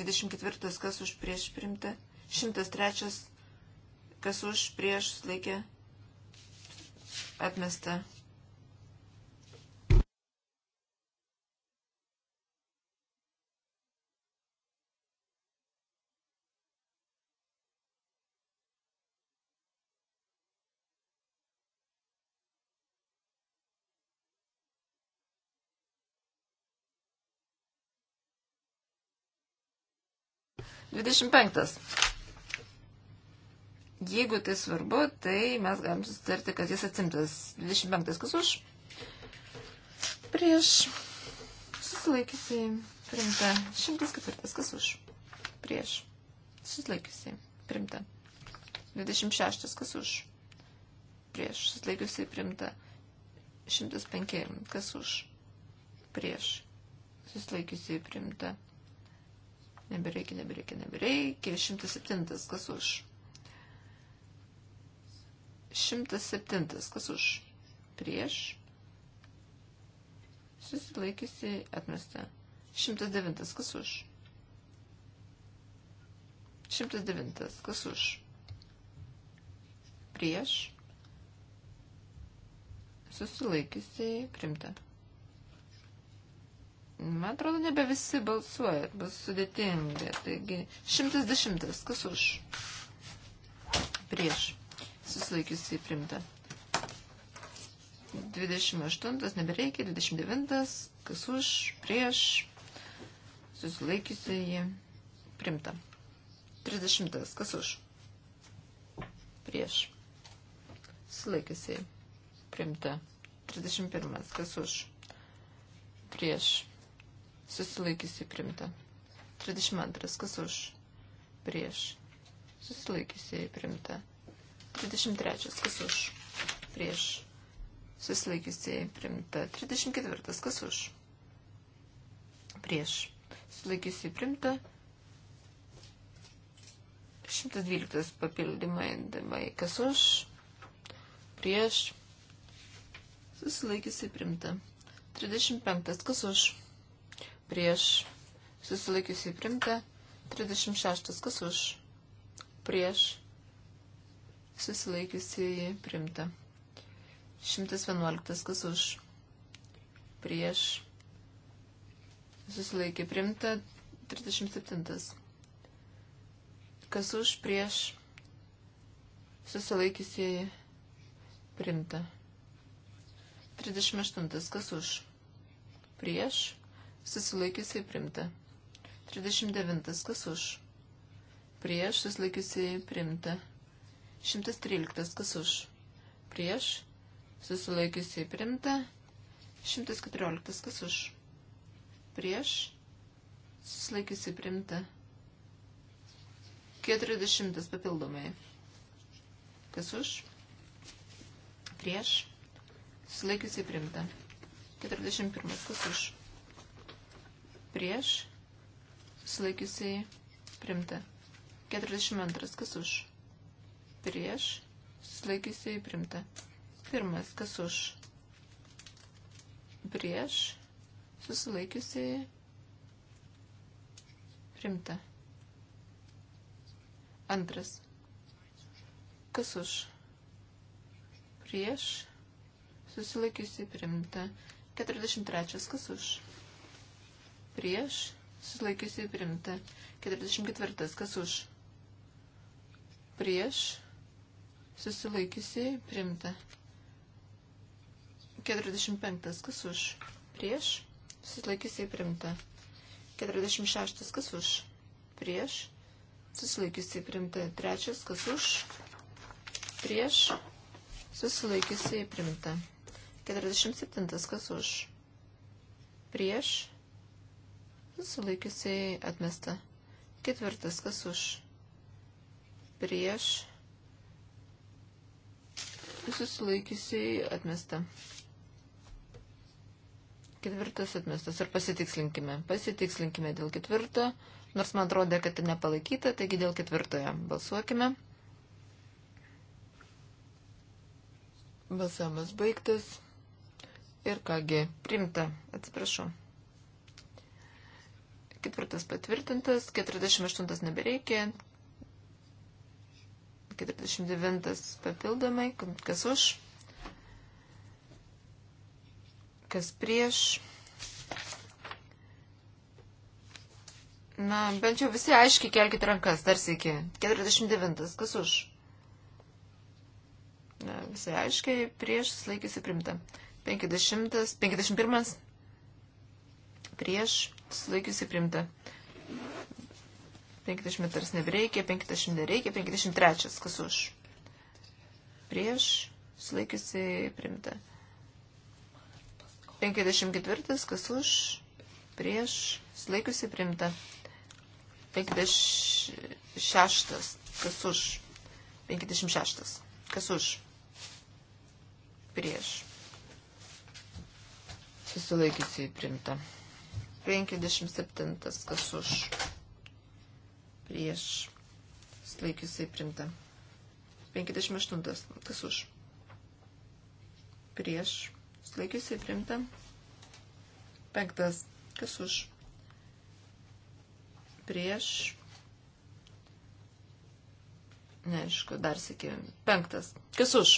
24 kas už, prieš, primta, 25 103, kas už, prieš, laikė, atmesta. Dvidešimt penktas. Jeigu tai svarbu, tai mes galim susitarti, kad jis atsimtas. 25. Kas už? Prieš. Susilaikysiai. Primta. 104. Kas už? Prieš. Susilaikysiai. Primta. 26. Kas už? Prieš. Susilaikysiai. Primta. 105. Kas už? Prieš. Susilaikysiai. Primta. Nebereikia, nebereikia, nebereikia. 107. Kas už? 107. Kas už? Prieš. Susilaikysi atmesta. 109. Kas už? 109. Kas už? Prieš. Susilaikysi primta. Man atrodo, nebe visi balsuoja, bus sudėtinga. Taigi, 110. Kas už? Prieš susilaikiusi primta. 28 nebereikia, 29, kas už, prieš, susilaikiusi jį primta. 30, kas už, prieš, susilaikiusi primta. 31, kas už, prieš, susilaikiusi primta. 32, kas už, prieš, susilaikiusi primta. 23. Kas už? Prieš. Susilaikiusiai primta. 34. Kas už? Prieš. Susilaikiusiai primta. 112 papildymai. Kas už? Prieš. Susilaikiusiai primta. 35. Kas už? Prieš. Susilaikiusiai primta. 36. Kas už? Prieš susilaikiusiai primta. 111 kas už prieš susilaikė primta. 37 kas už prieš susilaikiusiai primta. 38 kas už prieš susilaikiusiai primta. 39 kas už prieš susilaikiusiai primta. 113. Kas už? Prieš. Susilaikiusiai primta. 114. Kas už? Prieš. Susilaikiusiai primta. 40. Papildomai. Kas už? Prieš. Susilaikiusiai primta. 41. Kas už? Prieš. Susilaikiusiai primta. 42. Kas už? prieš, susilaikiusiai primta. Pirmas, kas už, prieš, susilaikiusiai primta. Antras, kas už, prieš, susilaikiusiai primta. 43, kas už, prieš, susilaikiusiai primta. 44, kas už, prieš, susilaikiusiai primta. 45. Kas už? Prieš. Susilaikiusiai primta. 46. Kas už? Prieš. Susilaikiusiai primta. 3. Kas už? Prieš. Susilaikiusiai primta. 47. Kas už? Prieš. Susilaikiusiai atmesta. 4. Kas už? Prieš susilaikysiai atmesta. Ketvirtas atmestas. Ar pasitikslinkime? Pasitikslinkime dėl ketvirto. Nors man atrodė, kad tai nepalaikyta, taigi dėl ketvirtojo. Balsuokime. Balsavimas baigtas. Ir kągi, primta. Atsiprašau. Ketvirtas patvirtintas, 48 nebereikia, 49 papildomai, kas už, kas prieš. Na, bent jau visi aiškiai kelkite rankas, tarsi iki. 49. Kas už? Na, visi aiškiai prieš laikysi primta. 50. 51. Prieš laikysi primta. 52 nebereikia, 50 nereikia, 53 kas už. Prieš sulaikiusi primta. 54 kas už. Prieš sulaikiusi primta. 56 kas už. 56 kas už. Prieš susilaikiusi primta. 57 kas už prieš slaikiusiai primta. 58. Kas už? Prieš slaikiusiai primta. 5. Kas už? Prieš. Neaišku, dar sakėjom. Penktas. Kas už?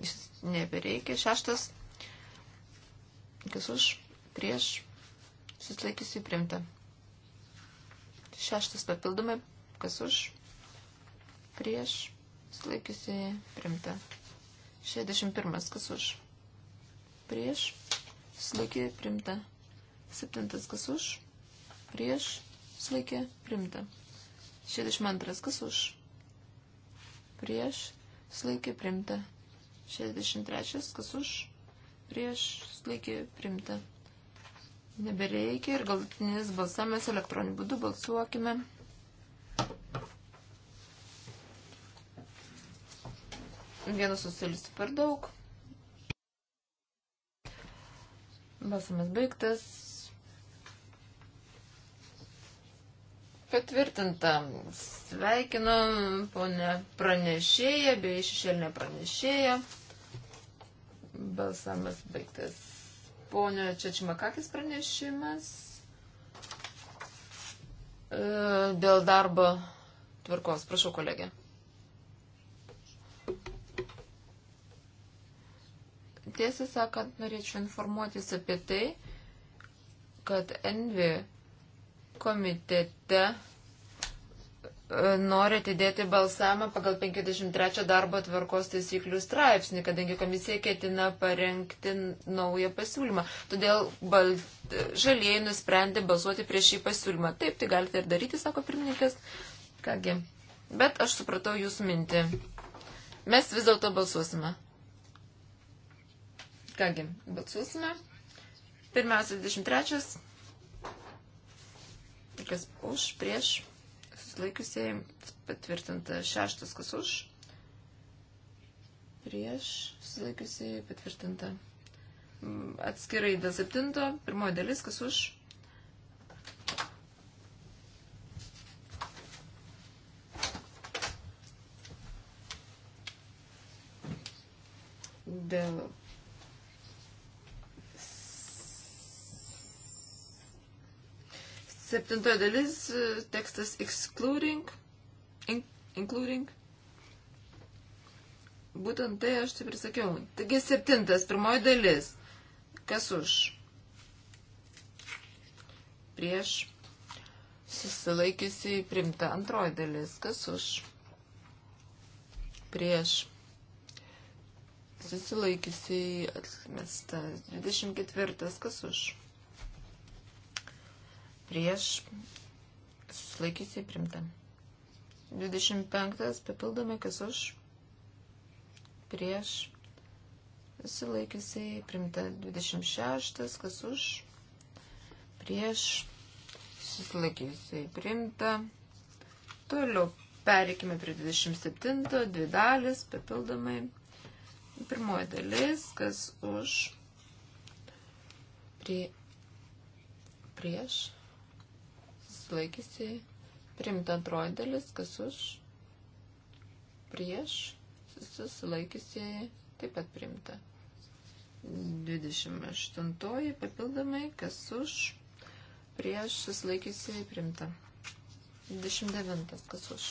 Jis nebereikia. Šeštas. Kas už? Prieš. Susilaikysiu primta. Šeštas papildomai, kas už, prieš, sulaikiusi primta. 61. Kas už, prieš, sulaikė primta. 7. Kas už, prieš, sulaikė primta. 62. Kas už, prieš, sulaikė primta. 63. Kas už, prieš, sulaikė primta. Nebereikia ir galutinis balsavimas elektroniniu būdu balsuokime. Vienas socialistų per daug. Balsamas baigtas. Patvirtinta. Sveikinu ponę pranešėją bei šešėlinę pranešėją. Balsamas baigtas ponio Čečimakakis pranešimas e, dėl darbo tvarkos. Prašau, kolegė. Tiesą sakant, norėčiau informuotis apie tai, kad Envi komitete E, nori atidėti balsavimą pagal 53 darbo tvarkos taisyklių straipsnį, kadangi komisija ketina parengti naują pasiūlymą. Todėl bal... žalieji nusprendė balsuoti prieš šį pasiūlymą. Taip, tai galite ir daryti, sako pirmininkas. Kągi, bet aš supratau jūsų mintį. Mes vis dėlto balsuosime. Kągi, balsuosime. Pirmiausia, 23. Kas už, prieš susilaikiusieji patvirtinta šeštas kas už, prieš susilaikiusieji patvirtinta mm, atskirai dėl septinto, pirmoji dalis kas už. Dėl Septintoji dalis, tekstas excluding, in, including. Būtent tai aš taip ir sakiau. Taigi septintas, pirmoji dalis. Kas už? Prieš. Susilaikiusi primta antroji dalis. Kas už? Prieš. Susilaikiusi atmesta. 24. Kas už? prieš susilaikysiai primta. 25 papildomai kas už prieš susilaikysiai primta. 26 kas už prieš susilaikysiai primta. Toliau pereikime prie 27, dvi dalis papildomai. Pirmoji dalis kas už prie prieš susilaikysi, priimta antroji dalis, kas už, prieš, susilaikysi, taip pat priimta. 28 papildomai, kas už, prieš, susilaikysi, priimta. 29 kas už,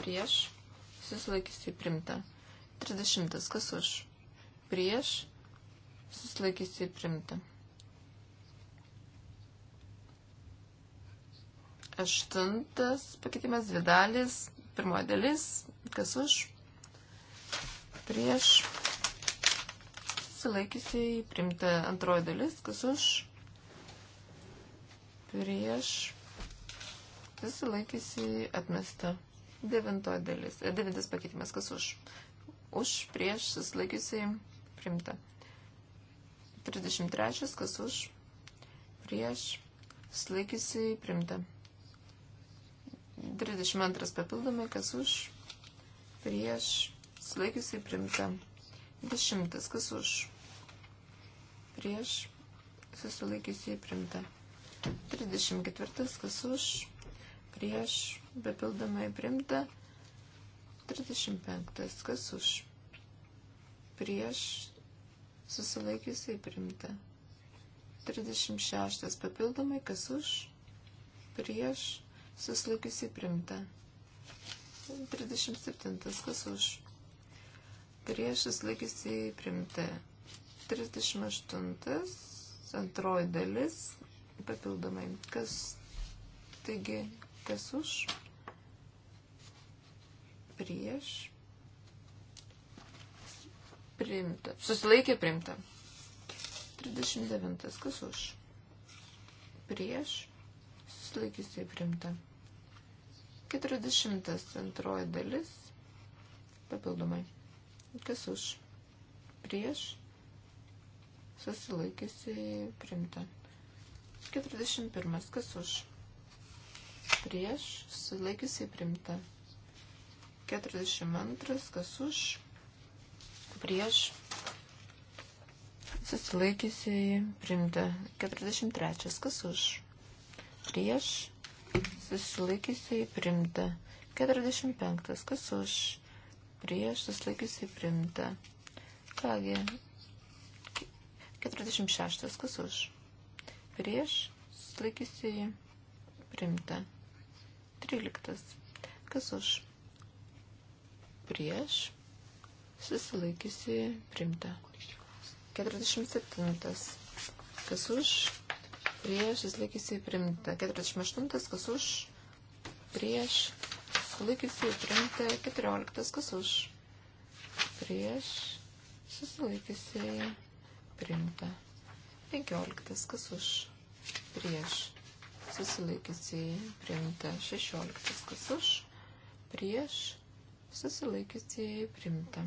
prieš, susilaikysi, priimta. 30 kas už, prieš, susilaikysi, priimta. Aštuntas pakeitimas, dvi dalis, pirmoji dalis, kas už, prieš, sulaikysiai, primta antroji dalis, kas už, prieš, sulaikysiai, atmesta. Devintoji dalis, e, devintas pakeitimas, kas už, už, prieš, susilaikysiai, primta. 33, kas už, prieš, susilaikysiai, primta. 32 papildomai, kas už, prieš, sulaikiusiai primta. 10, kas už, prieš, susilaikiusiai primta. 34, kas už, prieš, papildomai primta. 35, kas už, prieš, susilaikiusiai primta. 36, papildomai, kas už, prieš, susilaikiusi primta. 37. Kas už? Prieš susilaikiusi primta. 38. Antroji dalis. Papildomai. Kas? Taigi, kas už? Prieš. Primta. Susilaikė primta. 39. Kas už? Prieš. Susilaikiusi primta. 40 antroji dalis. Papildomai. Kas už? Prieš. Susilaikysi primta. 41. Kas už? Prieš. Susilaikysi primta. 42. Kas už? Prieš. Susilaikysi primta. 43. Kas už? Prieš susilaikysiai primta. 45. Kas už? Prieš susilaikysiai primta. Kągi. 46. Kas už? Prieš susilaikysiai primta. 13. Kas už? Prieš susilaikysiai primta. 47. Kas už? prieš susilaikysiai primta. 48 kas už, prieš susilaikysiai primta. 14 kas už, prieš susilaikysiai primta. 15 kas už, prieš susilaikysiai primta. 16 kas už, prieš susilaikysiai primta.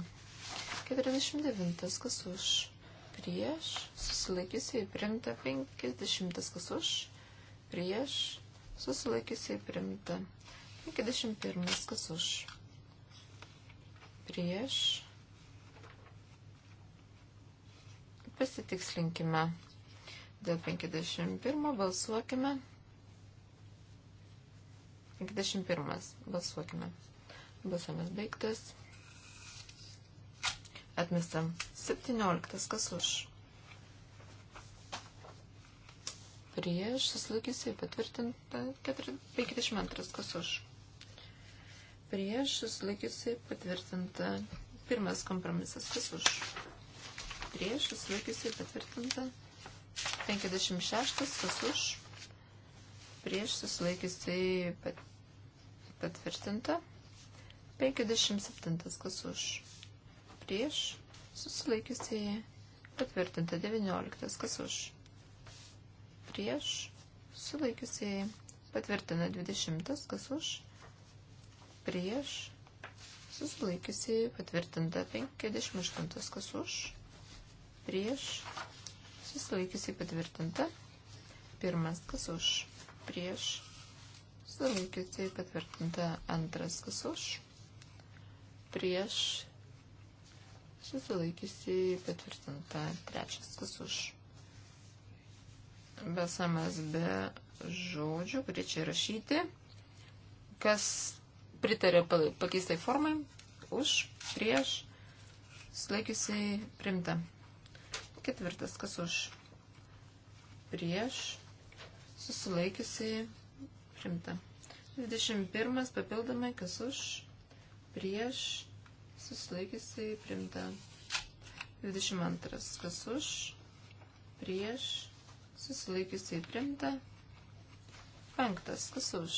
49 kas už prieš, susilaikysiai primta 50, kas už, prieš, susilaikysiai primta 51, kas už, prieš, pasitikslinkime, dėl 51 balsuokime, 51 balsuokime, balsuomis baigtas. Atmesta. 17. Kas už? Prieš susilaikysiai patvirtinta 52. Kas už? Prieš susilaikysiai patvirtinta pirmas kompromisas. Kas už? Prieš susilaikysiai patvirtinta 56. Kas už? Prieš susilaikysiai pat, patvirtinta 57. Kas už? prieš, susilaikiusieji patvirtinta 19, kas už, prieš, susilaikiusieji patvirtina 20, kas už, prieš, susilaikiusieji patvirtinta 58, kas už, prieš, susilaikiusiai patvirtinta, pirmas, kas už, prieš, susilaikiusiai patvirtinta, antras, kas už, prieš, susilaikiusi patvirtinta trečias, kas už. Balsamas be žodžių, kurie čia rašyti, kas pritarė pakeistai formai, už, prieš, sulaikiusi primta. Ketvirtas, kas už, prieš, susilaikiusi primta. 21 papildomai, kas už, prieš, susilaikysiai primta. 22. Kas už, prieš, susilaikysiai primta. 5. Kas už,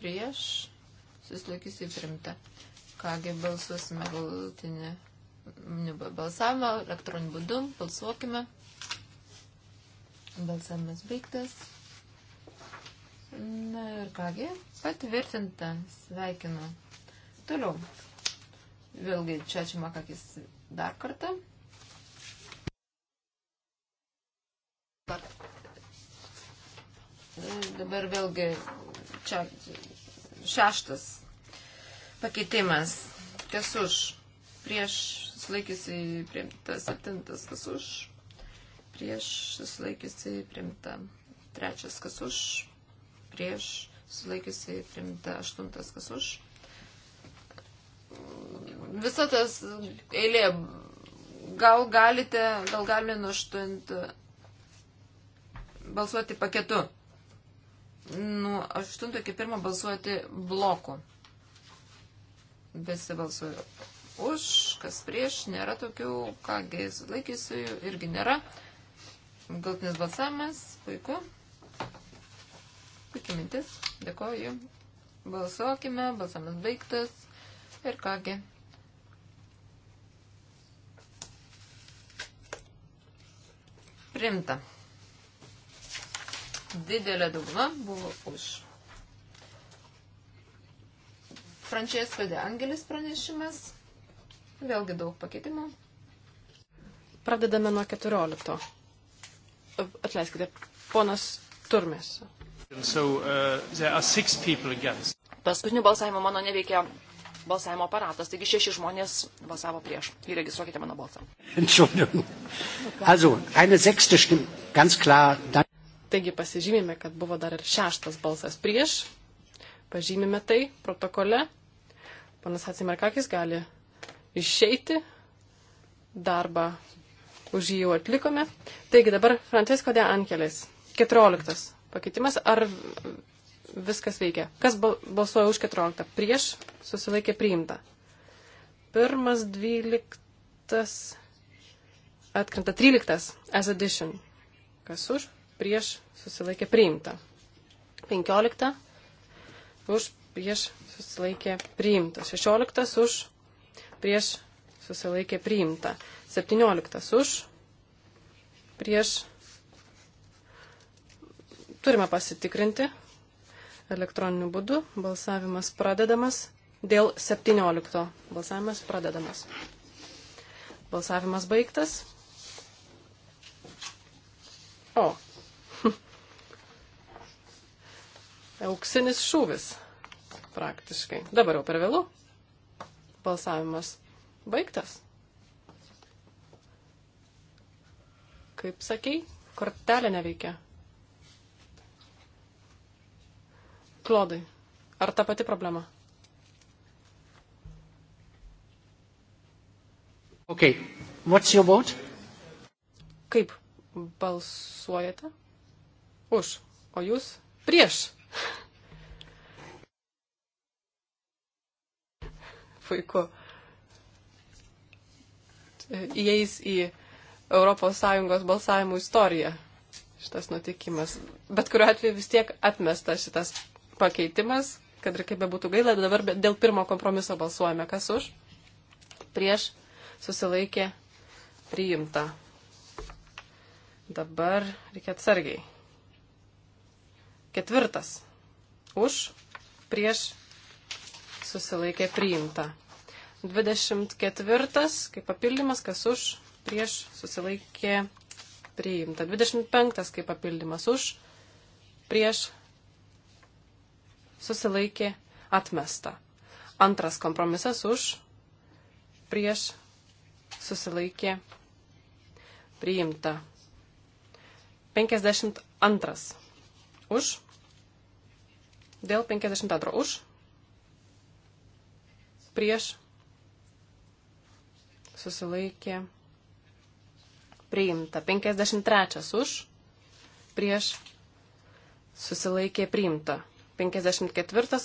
prieš, susilaikysiai primta. Kągi balsuosime galutinį balsavimą elektroniniu būdu, balsuokime. Balsavimas baigtas. Na ir kągi, patvirtinta, sveikinu. Toliau. Vėlgi čia Čimakakis dar kartą. Dabar vėlgi čia šeštas pakeitimas. Kas už? Prieš susilaikysi priimta. Septintas kas už? Prieš susilaikysi priimta. Trečias kas už? Prieš susilaikysi priimta. Aštuntas kas už? visa tas eilė, gal galite, gal galime nuštinti balsuoti paketu. Nuo 8 iki 1 balsuoti bloku. Visi balsuoju už, kas prieš, nėra tokių, kągi laikysiu, irgi nėra. Galtinis balsavimas, puiku. Puikia mintis, dėkoju. Balsuokime, balsavimas baigtas. Ir kągi, Primta. Didelė dauguma buvo už. Francesco de Angelis pranešimas. Vėlgi daug pakeitimų. Pradedame nuo 14. Atleiskite, ponas Turmės. So, uh, Paskutiniu balsavimu mano neveikia balsavimo aparatas. Taigi šeši žmonės balsavo prieš. Įregistruokite mano balsą. Also, stimme, klar, dann... Taigi pasižymime, kad buvo dar ir šeštas balsas prieš. Pažymime tai protokole. Panas Hatsimarkakis gali išeiti. Darbą už jį jau atlikome. Taigi dabar Francisco de Ankelis. 14 pakeitimas. Ar viskas veikia. Kas balsuoja už 14? Prieš susilaikė priimta. Pirmas 12 atkrenta 13 as addition. Kas už? Prieš susilaikė priimta. 15 už prieš susilaikė priimta. 16 už prieš susilaikė priimta. 17 už prieš turime pasitikrinti elektroniniu būdu. Balsavimas pradedamas. Dėl 17. Balsavimas pradedamas. Balsavimas baigtas. O. Auksinis šūvis. Praktiškai. Dabar jau per vėlų. Balsavimas baigtas. Kaip sakei, kortelė neveikia. Klodai, ar ta pati problema? Okay. What's your vote? Kaip balsuojate? Už. O jūs? Prieš. Puiku. Įeis į ES balsavimų istoriją šitas nutikimas. Bet kuriuo atveju vis tiek atmesta šitas pakeitimas, kad ir kaip bebūtų gaila, dabar dėl pirmo kompromiso balsuojame. Kas už? Prieš susilaikė priimta. Dabar reikia atsargiai. Ketvirtas. Už, prieš susilaikė priimta. 24, kaip papildymas, kas už, prieš susilaikė priimta. 25, kaip papildymas už, prieš susilaikė atmesta. Antras kompromisas už, prieš, susilaikė priimta. 52 už, dėl 52 už, prieš, susilaikė priimta. 53 už, prieš, susilaikė priimta. 54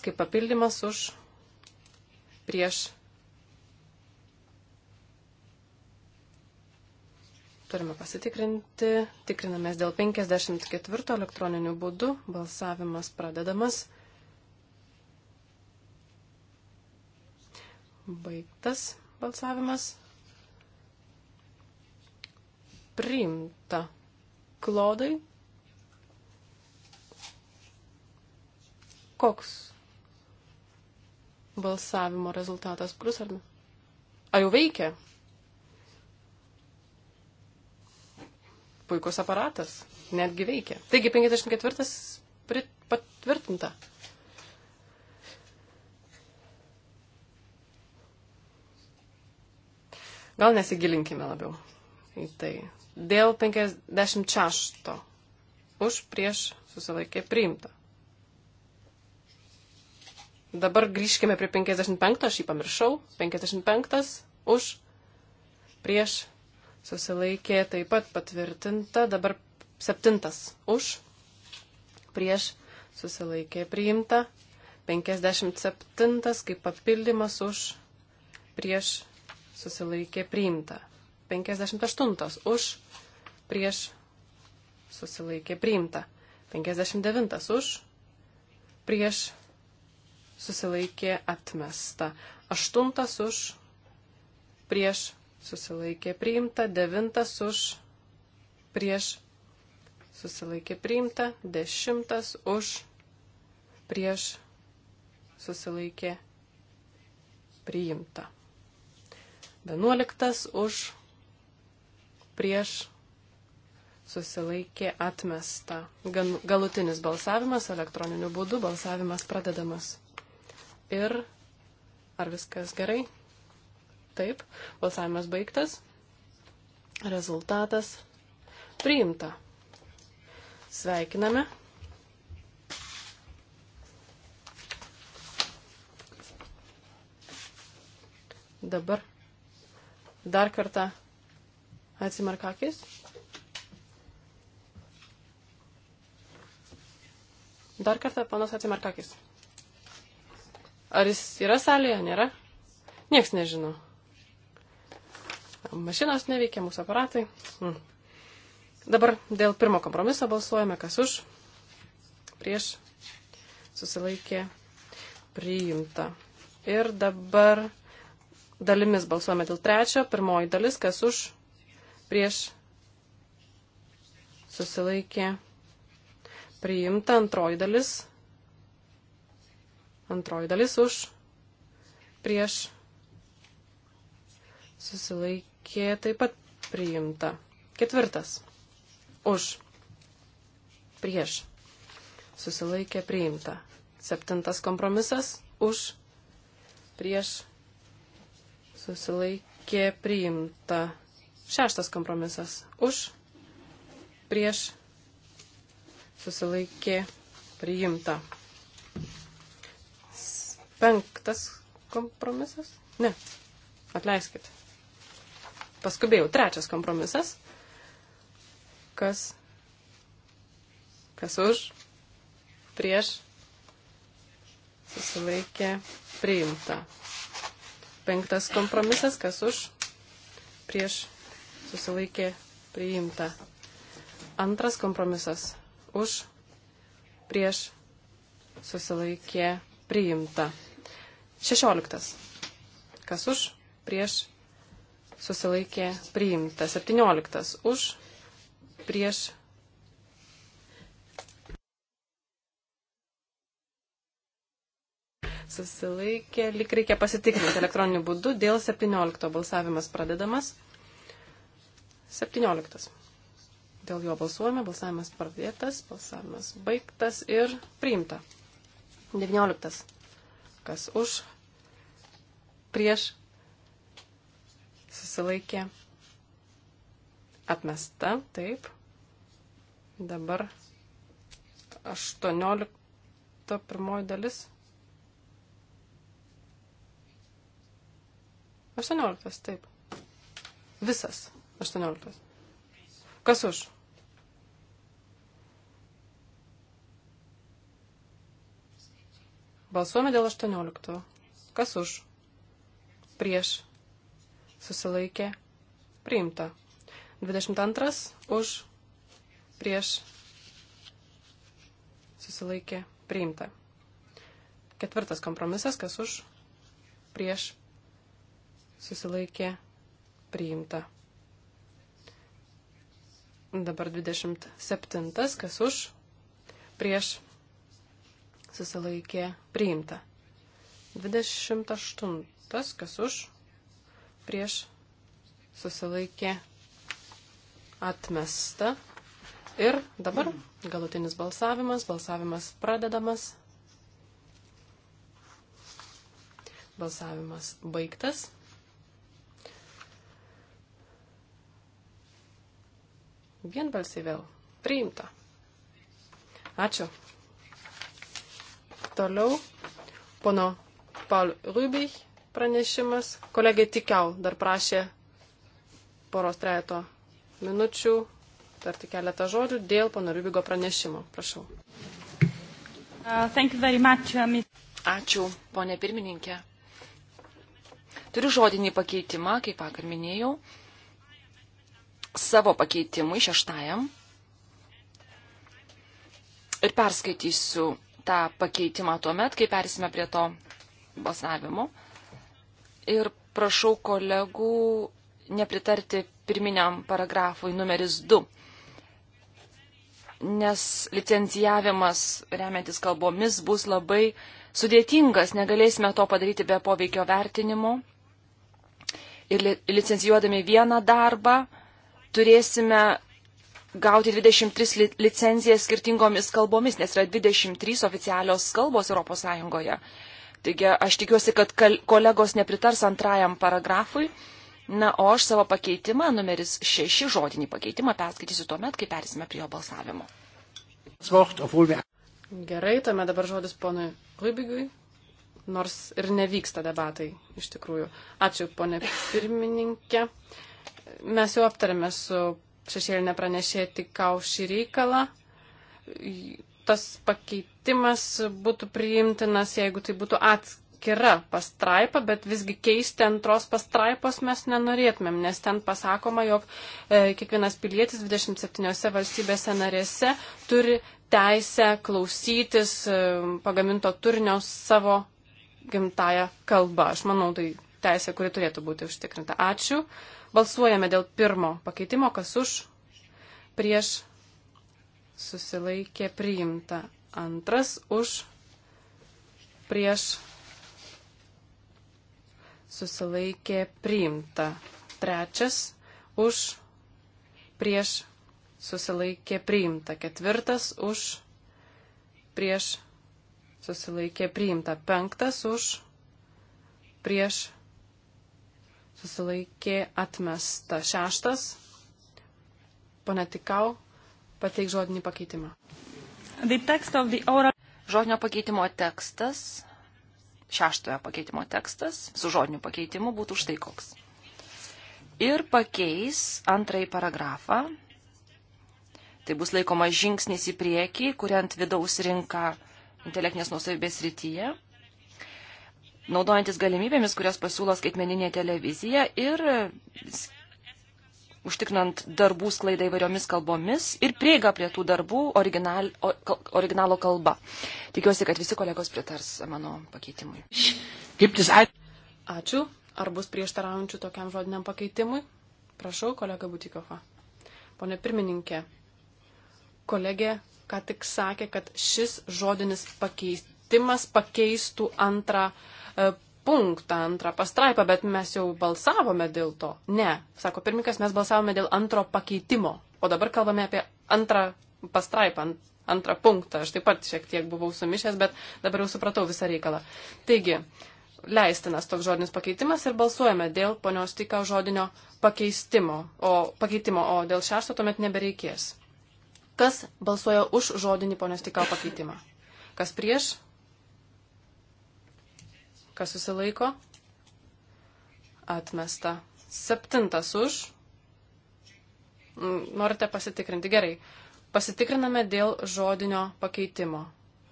kaip papildymas už prieš. Turime pasitikrinti. Tikrinamės dėl 54 elektroninių būdų. Balsavimas pradedamas. Baigtas balsavimas. Priimta. Klodai Koks balsavimo rezultatas? Plius ar ne? Ar jau veikia? Puikus aparatas. Netgi veikia. Taigi 54 prit, patvirtinta. Gal nesigilinkime labiau į tai. Dėl 56 už prieš susilaikė priimta. Dabar grįžkime prie 55, aš jį pamiršau. 55 už, prieš, susilaikė taip pat patvirtinta. Dabar 7 už, prieš, susilaikė priimta. 57 kaip papildymas už, prieš, susilaikė priimta. 58 už, prieš, susilaikė priimta. 59 už, prieš, susilaikė atmesta. Aštuntas už, prieš susilaikė priimta. Devintas už, prieš susilaikė priimta. Dešimtas už, prieš susilaikė priimta. Vienuoliktas už, prieš susilaikė atmesta. Gan, galutinis balsavimas elektroniniu būdu, balsavimas pradedamas ir ar viskas gerai. Taip, balsavimas baigtas. Rezultatas priimta. Sveikiname. Dabar dar kartą atsimarkakis. Dar kartą panas atsimarkakis. Ar jis yra salėje, nėra? Niekas nežino. Mašinos neveikia, mūsų aparatai. Hmm. Dabar dėl pirmo kompromiso balsuojame, kas už, prieš, susilaikė, priimta. Ir dabar dalimis balsuojame dėl trečio, pirmoji dalis, kas už, prieš, susilaikė, priimta, antroji dalis, Antroji dalis už, prieš, susilaikė taip pat priimta. Ketvirtas, už, prieš, susilaikė priimta. Septintas kompromisas, už, prieš, susilaikė priimta. Šeštas kompromisas, už, prieš, susilaikė priimta. Penktas kompromisas? Ne. Atleiskit. Paskubėjau. Trečias kompromisas. Kas? Kas už? Prieš? Susilaikė. Priimta. Penktas kompromisas. Kas už? Prieš? Susilaikė. Priimta. Antras kompromisas. Už? Prieš? Susilaikė. Priimta. 16. Kas už, prieš, susilaikė priimta. 17. Už, prieš. Susilaikė, lik reikia pasitikrinti elektroniniu būdu dėl 17 balsavimas pradedamas. 17. Dėl jo balsuojame, balsavimas pradėtas, balsavimas baigtas ir priimta. 19. Kas už? Prieš? Susilaikė. Atmesta, taip. Dabar 18 pirmoji dalis. 18, taip. Visas 18. Kas už? Balsuojame dėl 18. Kas už? Prieš. Susilaikė. Priimta. 22. Už. Prieš. Susilaikė. Priimta. Ketvirtas kompromisas. Kas už? Prieš. Susilaikė. Priimta. Dabar 27. Kas už? Prieš susilaikė priimta. 28. Kas už, prieš susilaikė atmesta. Ir dabar galutinis balsavimas. Balsavimas pradedamas. Balsavimas baigtas. Vienbalsiai vėl. Priimta. Ačiū. Toliau pono Paul Rubich pranešimas. Kolegė Tikiau dar prašė poros trejeto minučių tarti keletą žodžių dėl pono Rubigo pranešimo. Prašau. Uh, much, um... Ačiū, ponė pirmininkė. Turiu žodinį pakeitimą, kaip vakar minėjau, savo pakeitimui šeštajam ir perskaitysiu tą pakeitimą tuo met, kai persime prie to balsavimo. Ir prašau kolegų nepritarti pirminiam paragrafui numeris 2, nes licencijavimas remiantis kalbomis bus labai sudėtingas, negalėsime to padaryti be poveikio vertinimo. Ir licencijuodami vieną darbą turėsime gauti 23 licencijas skirtingomis kalbomis, nes yra 23 oficialios kalbos ES. Taigi aš tikiuosi, kad kolegos nepritars antrajam paragrafui. Na, o aš savo pakeitimą, numeris 6 žodinį pakeitimą, perskaitysiu tuo met, kai persime prie jo balsavimo. Gerai, tame dabar žodis ponui Rubigui, nors ir nevyksta debatai, iš tikrųjų. Ačiū, ponė pirmininkė. Mes jau aptarėme su šešėlinė pranešė tik kau šį reikalą. Tas pakeitimas būtų priimtinas, jeigu tai būtų atskira pastraipa, bet visgi keisti antros pastraipos mes nenorėtumėm, nes ten pasakoma, jog e, kiekvienas pilietis 27 valstybėse narėse turi teisę klausytis e, pagaminto turinio savo gimtają kalbą. Aš manau, tai teisė, kuri turėtų būti užtikrinta. Ačiū. Balsuojame dėl pirmo pakeitimo, kas už, prieš, susilaikė priimta. Antras už, prieš, susilaikė priimta. Trečias už, prieš, susilaikė priimta. Ketvirtas už, prieš, susilaikė priimta. Penktas už, prieš, susilaikė atmesta. Šeštas, pone Tikau, pateik žodinį pakeitimą. Oral... Žodinio pakeitimo tekstas, šeštojo pakeitimo tekstas, su žodiniu pakeitimu būtų štai koks. Ir pakeis antrąjį paragrafą. Tai bus laikoma žingsnis į priekį, kuriant vidaus rinką intelektinės nusavybės rytyje naudojantis galimybėmis, kurias pasiūlo skaitmeninė televizija ir užtikrinant darbų sklaidą įvairiomis kalbomis ir prieiga prie tų darbų original, o, originalo kalba. Tikiuosi, kad visi kolegos pritars mano pakeitimui. Ačiū. Ar bus prieštaraujančių tokiam žodiniam pakeitimui? Prašau, kolega Butikova. Pone pirmininkė, kolegė ką tik sakė, kad šis žodinis pakeitimas pakeistų antrą uh, E, punktą, antrą pastraipą, bet mes jau balsavome dėl to. Ne, sako pirmininkas, mes balsavome dėl antro pakeitimo, o dabar kalbame apie antrą pastraipą, antrą punktą. Aš taip pat šiek tiek buvau sumišęs, bet dabar jau supratau visą reikalą. Taigi, leistinas toks žodinis pakeitimas ir balsuojame dėl ponios tika žodinio pakeistimo, o, pakeitimo, o dėl šešto tuomet nebereikės. Kas balsuoja už žodinį ponios tika pakeitimą? Kas prieš? Kas susilaiko? Atmesta. Septintas už. Mm, norite pasitikrinti. Gerai. Pasitikriname dėl žodinio pakeitimo.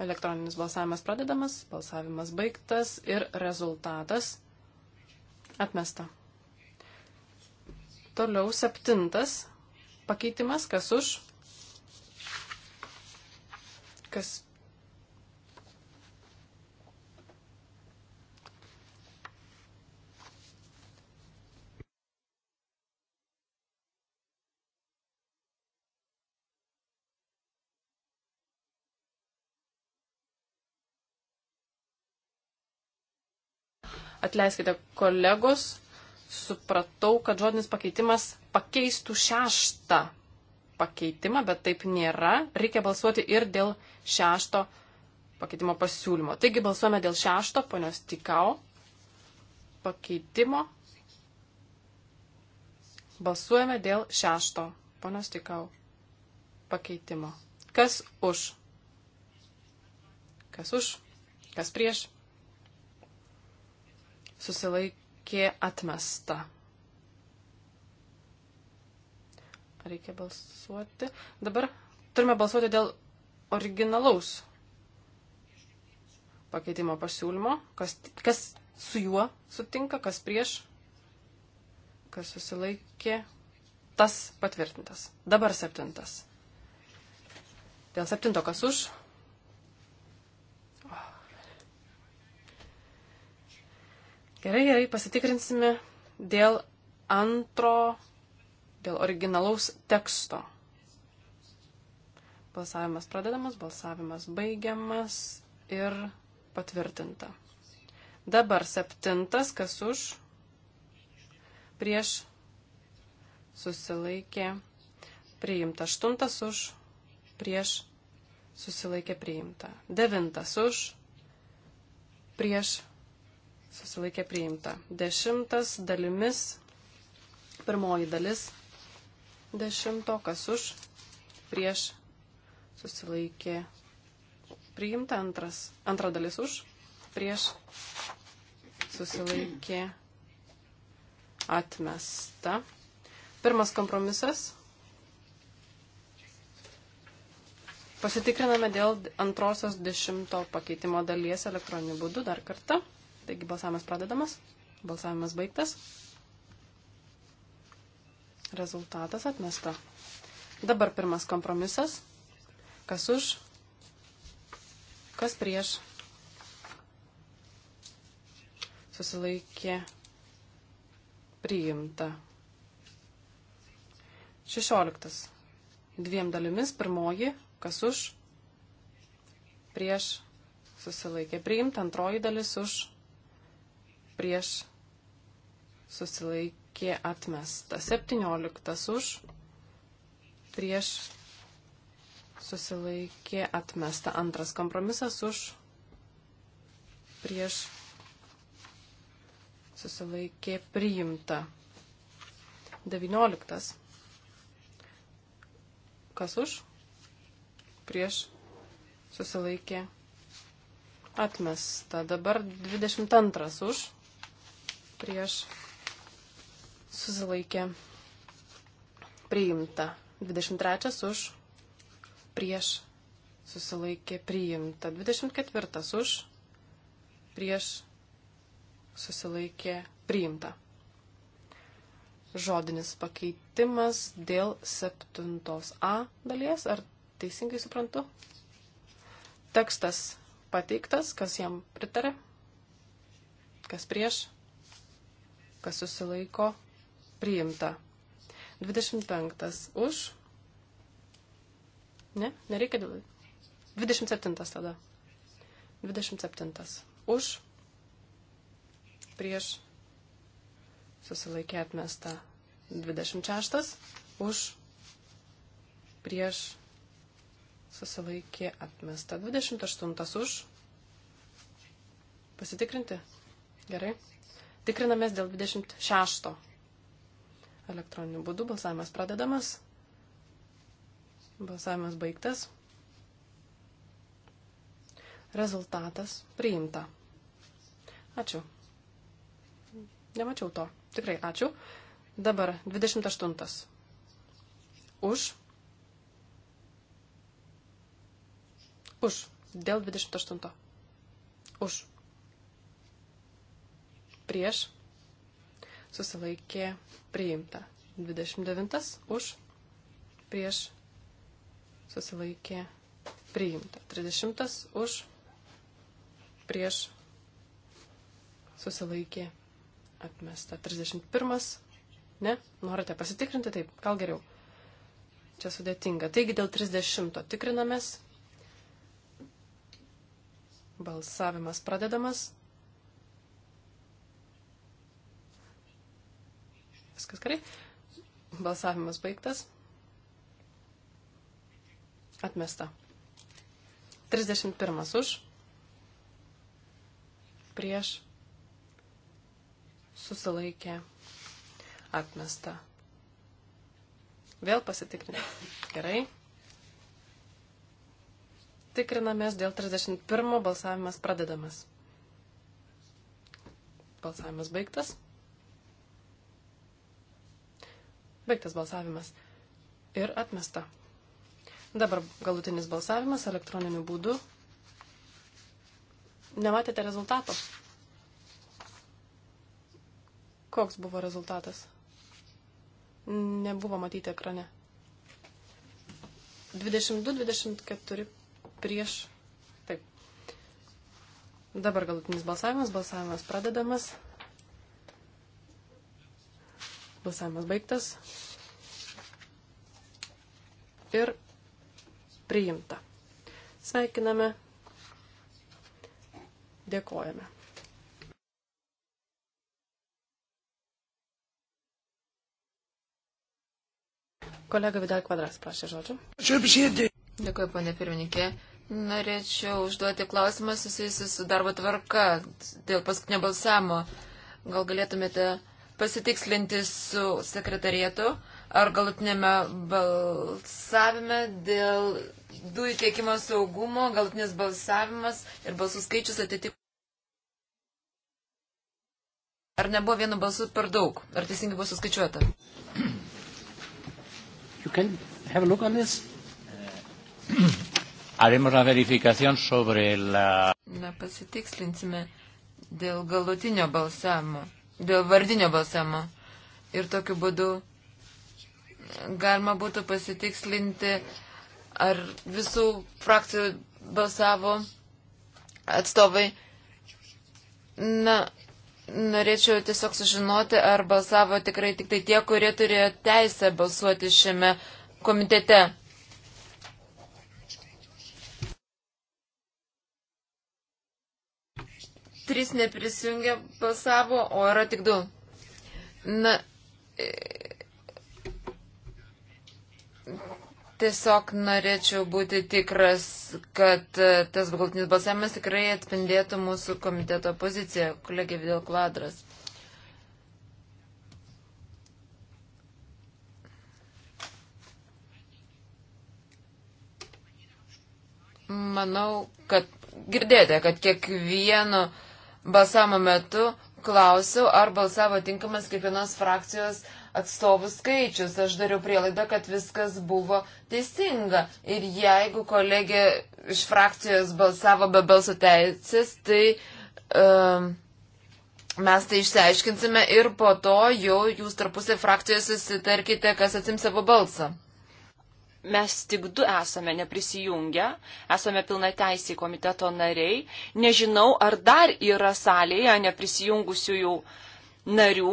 Elektroninis balsavimas pradedamas, balsavimas baigtas ir rezultatas atmesta. Toliau septintas pakeitimas, kas už, kas Atleiskite, kolegos, supratau, kad žodinis pakeitimas pakeistų šeštą pakeitimą, bet taip nėra. Reikia balsuoti ir dėl šešto pakeitimo pasiūlymo. Taigi balsuojame dėl šešto ponios Tikau pakeitimo. Balsuojame dėl šešto ponios Tikau pakeitimo. Kas už? Kas už? Kas prieš? susilaikė atmesta. Reikia balsuoti. Dabar turime balsuoti dėl originalaus pakeitimo pasiūlymo, kas, kas su juo sutinka, kas prieš, kas susilaikė, tas patvirtintas. Dabar septintas. Dėl septinto kas už, Gerai, gerai, pasitikrinsime dėl antro, dėl originalaus teksto. Balsavimas pradedamas, balsavimas baigiamas ir patvirtinta. Dabar septintas, kas už, prieš, susilaikė, priimta. Aštuntas už, prieš, susilaikė, priimta. Devintas už, prieš, susilaikė priimta. Dešimtas dalimis, pirmoji dalis dešimto, kas už, prieš susilaikė priimta, antras, antra dalis už, prieš susilaikė atmesta. Pirmas kompromisas. Pasitikriname dėl antrosios dešimto pakeitimo dalies elektroniniu būdu dar kartą. Taigi balsavimas pradedamas, balsavimas baigtas. Rezultatas atmesta. Dabar pirmas kompromisas. Kas už, kas prieš. Susilaikė priimta. Šešioliktas. Dviem dalimis. Pirmoji, kas už, prieš, susilaikė priimta. Antroji dalis už, prieš susilaikė atmesta. 17 už prieš susilaikė atmesta. Antras kompromisas už prieš susilaikė priimta. 19. Kas už? Prieš susilaikė atmesta. Dabar 22 už prieš susilaikė priimta. 23 už prieš susilaikė priimta. 24 už prieš susilaikė priimta. Žodinis pakeitimas dėl 7a dalies, ar teisingai suprantu? Tekstas pateiktas, kas jam pritarė, kas prieš, kas susilaiko, priimta. 25 už. Ne, nereikia. 27 tada. 27 už. Prieš susilaikė atmesta. 26 už. Prieš susilaikė atmesta. 28 už. Pasitikrinti. Gerai. Tikrinamės dėl 26. Elektroniniu būdu balsavimas pradedamas. Balsavimas baigtas. Rezultatas priimta. Ačiū. Nemačiau to. Tikrai ačiū. Dabar 28. Už. Už. Dėl 28. Už prieš, susilaikė priimta. 29 už, prieš, susilaikė priimta. 30 už, prieš, susilaikė atmesta. 31, ne, norite pasitikrinti, taip, gal geriau. Čia sudėtinga. Taigi dėl 30 tikrinamės. Balsavimas pradedamas. Viskas gerai. Balsavimas baigtas. Atmesta. 31 už. Prieš. Susilaikė. Atmesta. Vėl pasitikrinę. Gerai. Tikrinamės dėl 31 balsavimas pradedamas. Balsavimas baigtas. Baigtas balsavimas. Ir atmesta. Dabar galutinis balsavimas elektroniniu būdu. Nematėte rezultato? Koks buvo rezultatas? Nebuvo matyti ekrane. 22-24 prieš. Taip. Dabar galutinis balsavimas. Balsavimas pradedamas. Balsavimas baigtas. Ir priimta. Sveikiname. Dėkojame. Kolega Vidal Kvadras prašė žodžio. Dėkuoju, ponė pirmininkė. Norėčiau užduoti klausimą susijusiu su darbo tvarka dėl paskutinio balsamo. Gal galėtumėte pasitikslinti su sekretarietu ar galutinėme balsavime dėl dujų tiekimo saugumo, galutinis balsavimas ir balsų skaičius atitiko. Ar nebuvo vienu balsu per daug? Ar teisingai buvo suskaičiuota? Haremos la verificación sobre la... Na, pasitikslinsime dėl galutinio balsavimo dėl vardinio balsavimo. Ir tokiu būdu galima būtų pasitikslinti, ar visų frakcijų balsavo atstovai. Na, norėčiau tiesiog sužinoti, ar balsavo tikrai tik tai tie, kurie turėjo teisę balsuoti šiame komitete. Trys neprisijungė balsavo, o yra tik du. Na, e, tiesiog norėčiau būti tikras, kad e, tas galtinis balsavimas tikrai atspindėtų mūsų komiteto poziciją, kolegė Vidal Kvadras. Manau, kad girdėjote, kad kiekvieno balsavimo metu klausiau, ar balsavo tinkamas kiekvienos frakcijos atstovų skaičius. Aš dariau prielaidą, kad viskas buvo teisinga. Ir jeigu kolegė iš frakcijos balsavo be balso teisės, tai um, mes tai išsiaiškinsime ir po to jau jūs tarpusai frakcijoje susitarkite, kas atim savo balsą mes tik du esame neprisijungę, esame pilna teisiai komiteto nariai. Nežinau, ar dar yra salėje neprisijungusiųjų narių,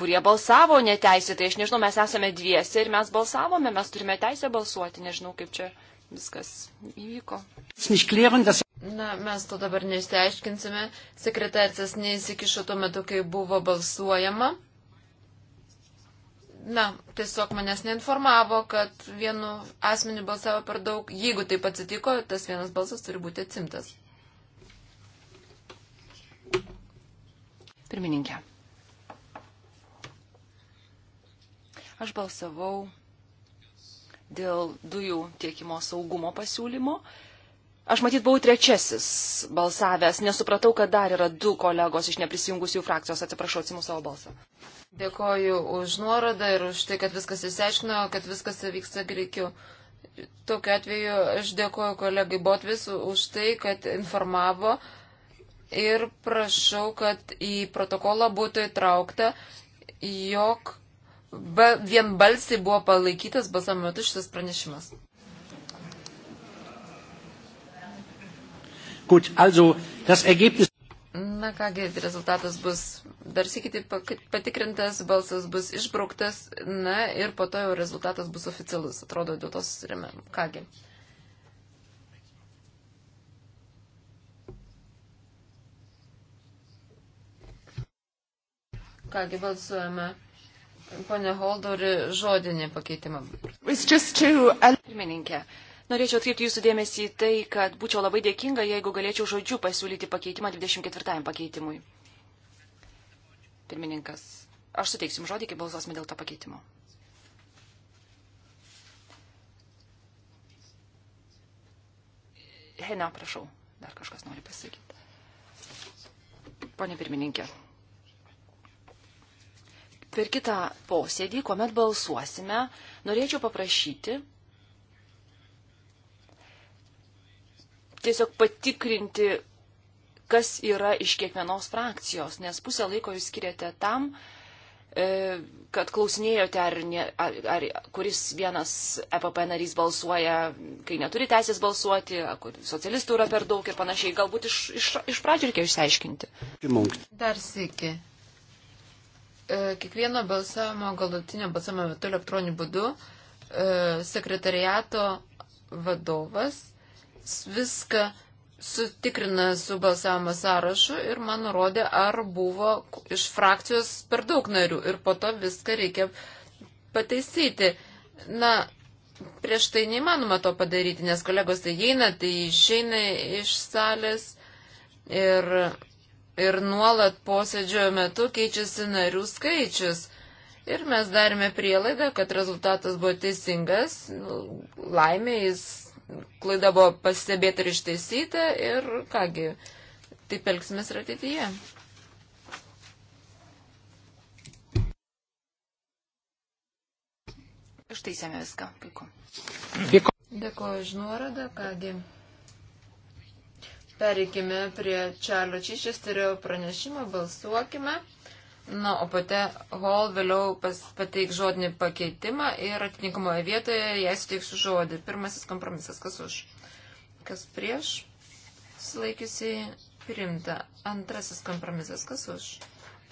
kurie balsavo neteisėtai. Aš nežinau, mes esame dviese ir mes balsavome, mes turime teisę balsuoti. Nežinau, kaip čia viskas įvyko. Na, mes to dabar neišsiaiškinsime. Sekretariatas neįsikišo tuo metu, kai buvo balsuojama. Na, tiesiog manęs neinformavo, kad vienu asmeniu balsavo per daug. Jeigu taip atsitiko, tas vienas balsas turi būti atsimtas. Pirmininkė. Aš balsavau dėl dujų tiekimo saugumo pasiūlymo. Aš matyt buvau trečiasis balsavęs, nesupratau, kad dar yra du kolegos iš neprisijungusių frakcijos. Atsiprašau, atsimu savo balsą. Dėkoju už nuorodą ir už tai, kad viskas įsiaiškino, kad viskas vyksta greičiau. Tokiu atveju aš dėkoju kolegai Botvis už tai, kad informavo ir prašau, kad į protokolą būtų įtraukta, jog ba, vienbalsiai buvo palaikytas balsavimo metu šitas pranešimas. Gut, also das Ergebnis. Na kągi, rezultatas bus dar sėkite patikrintas, balsas bus išbrauktas, na ir po to jau rezultatas bus oficialus. Atrodo, dėl to susirime. Kągi. Kągi balsuojame. Pone Holdori, žodinį pakeitimą. To... Pirmininkė, Norėčiau atkreipti jūsų dėmesį į tai, kad būčiau labai dėkinga, jeigu galėčiau žodžiu pasiūlyti pakeitimą 24 pakeitimui. Pirmininkas, aš suteiksim žodį, kai balsuosime dėl to pakeitimo. Hena, prašau, dar kažkas nori pasakyti. Pone pirmininkė. Per kitą posėdį, kuomet balsuosime, norėčiau paprašyti tiesiog patikrinti, kas yra iš kiekvienos frakcijos, nes pusę laiko jūs skiriate tam, e, kad klausinėjote, ar, ne, ar, ar kuris vienas EPP narys balsuoja, kai neturi teisės balsuoti, kur socialistų yra per daug ir panašiai. Galbūt iš, iš, iš pradžių reikia išsiaiškinti. Dar sėki. E, kiekvieno balsavimo, galutinio balsavimo metu elektroniniu būdu e, sekretariato vadovas viską sutikrina su balsavimo sąrašu ir man nurodė, ar buvo iš frakcijos per daug narių ir po to viską reikia pataisyti. Na, prieš tai neįmanoma to padaryti, nes kolegos tai įeina, tai išeina iš salės ir, ir nuolat posėdžio metu keičiasi narių skaičius. Ir mes darėme prielaidą, kad rezultatas buvo teisingas, laimė jis klaida buvo pastebėta ir išteisyta ir kągi, taip elgsimės ir ateityje. Ištaisėme viską. Puiku. Dėkuoju už nuorodą, kągi. Pereikime prie Čarlio Čičesterio pranešimo, balsuokime. Na, o pate Hall vėliau pas, pateik žodinį pakeitimą ir atitinkamoje vietoje jai suteiksiu žodį. Pirmasis kompromisas, kas už. Kas prieš, sulaikiusi priimta. Antrasis kompromisas, kas už.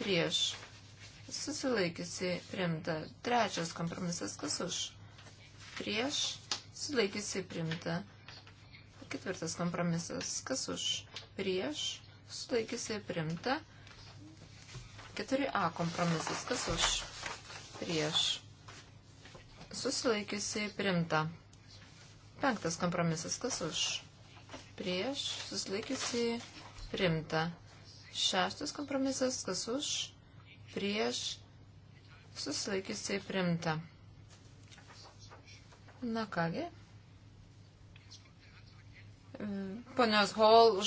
Prieš, susilaikiusi priimta. Trečias kompromisas, kas už. Prieš, sulaikiusi priimta. Ketvirtas kompromisas, kas už. Prieš, sulaikiusi priimta. 4a kompromisas. Kas už? Prieš. Susilaikiusiai primta. Penktas kompromisas. Kas už? Prieš. Susilaikiusiai primta. Šeštas kompromisas. Kas už? Prieš. Susilaikiusiai primta. Na kągi. Ponios Hall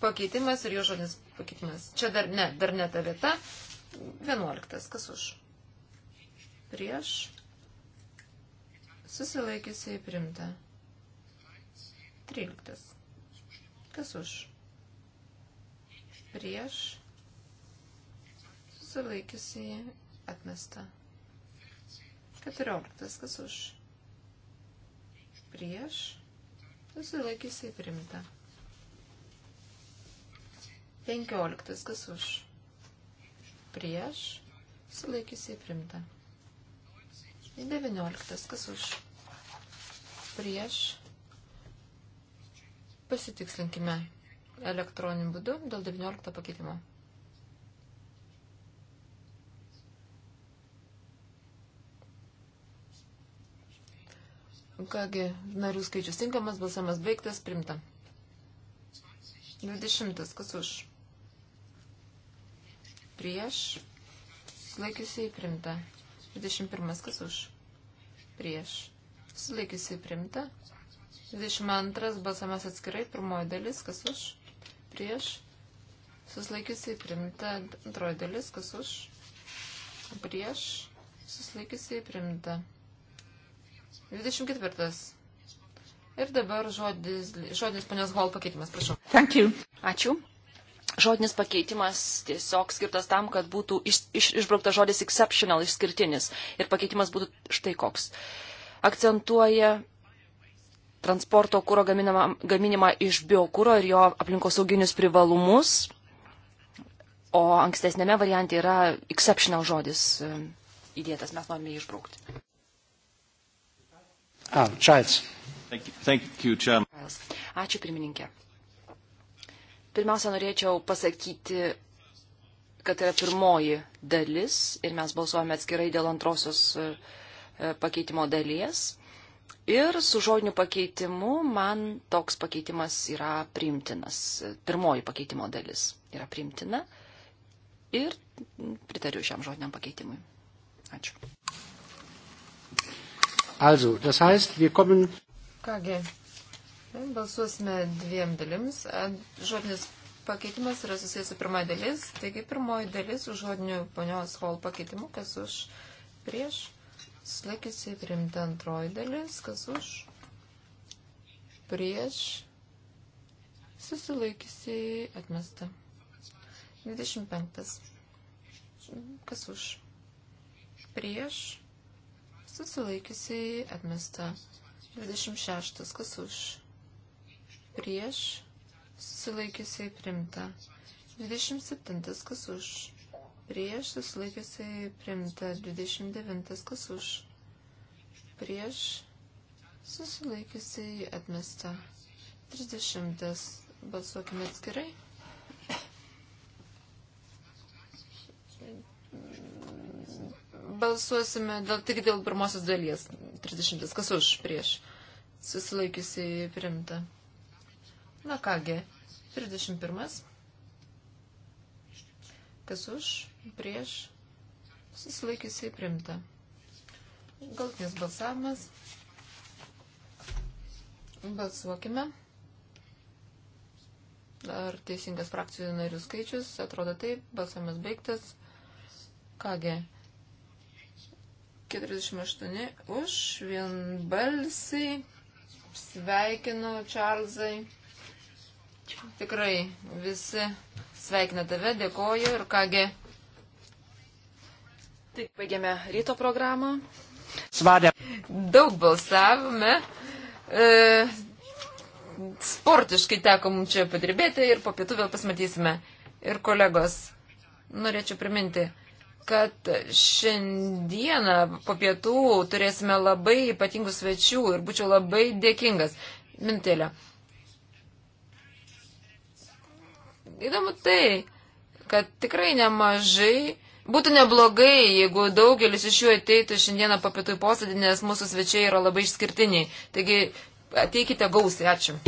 pakeitimas ir jo žodis pakeitimas. Čia dar ne, dar ne ta vieta. 11. Kas už? Prieš. Susilaikiusiai primta. 13. Kas už? Prieš. Susilaikiusiai atmesta. 14. Kas už? Prieš. Susilaikiusiai primta. 15. Kas už? prieš, sulaikysiai primta. 19. Kas už? Prieš. Pasitikslinkime elektroniniu būdu dėl 19 pakeitimo. Kągi, narių skaičius tinkamas, balsamas baigtas, primta. 20. Kas už? prieš, sulaikiusiai primta. 21. Kas už? Prieš. Sulaikiusiai primta. 22. Balsamas atskirai. Pirmoji dalis. Kas už? Prieš. Suslaikiusiai primta. Antroji dalis. Kas už? Prieš. Suslaikiusiai primta. 24. Ir dabar žodis, žodis ponios Hall pakeitimas. Prašau. Thank you. Ačiū žodinis pakeitimas tiesiog skirtas tam, kad būtų iš, iš, išbrauktas žodis exceptional, išskirtinis. Ir pakeitimas būtų štai koks. Akcentuoja transporto kūro gaminimą, gaminimą iš biokūro ir jo aplinkosauginius privalumus, o ankstesnėme variante yra exceptional žodis e, įdėtas, mes norime jį išbraukti. Ah, Charles. Thank you, thank you, Charles. Ačiū pirmininkė. Pirmiausia, norėčiau pasakyti, kad tai yra pirmoji dalis ir mes balsuojame atskirai dėl antrosios e, e, pakeitimo dalies. Ir su žodiniu pakeitimu man toks pakeitimas yra priimtinas. Pirmoji pakeitimo dalis yra priimtina. Ir pritariu šiam žodiniam pakeitimui. Ačiū. Also, das heißt, wir kommen. Kągi, Balsuosime dviem dalims. Žodinis pakeitimas yra susijęs su pirma dalis. Taigi pirmoji dalis už žodinių ponios Hall pakeitimų, kas už prieš. Slėkėsi priimta antroji dalis, kas už prieš. Susilaikysi atmesta. 25. Kas už prieš. Susilaikysi atmesta. 26. Kas už prieš, susilaikiusiai primta. 27. kas už, prieš, susilaikiusiai primta. 29. kas už, prieš, susilaikiusiai atmesta. 30. balsuokime atskirai. balsuosime dėl, tik dėl pirmosios dalies. 30. Kas už prieš? Susilaikiusiai primta. Na kągi, 31. Kas už, prieš, susilaikiusiai primta. Galtinis balsavimas. Balsuokime. Ar teisingas frakcijų narių skaičius? Atrodo taip, balsavimas baigtas. Kągi, 48 už, vienbalsiai, sveikinu Čarlzai. Tikrai visi sveikina tave, dėkoju ir kągi. Taip, baigėme ryto programą. Svadė. Daug balsavome. E, sportiškai teko mums čia padirbėti ir po pietų vėl pasimatysime. Ir kolegos, norėčiau priminti, kad šiandieną po pietų turėsime labai ypatingų svečių ir būčiau labai dėkingas. Mintelė. Įdomu tai, kad tikrai nemažai. Būtų neblogai, jeigu daugelis iš jų ateitų šiandieną papietų į posėdį, nes mūsų svečiai yra labai išskirtiniai. Taigi ateikite gausiai. Ačiū.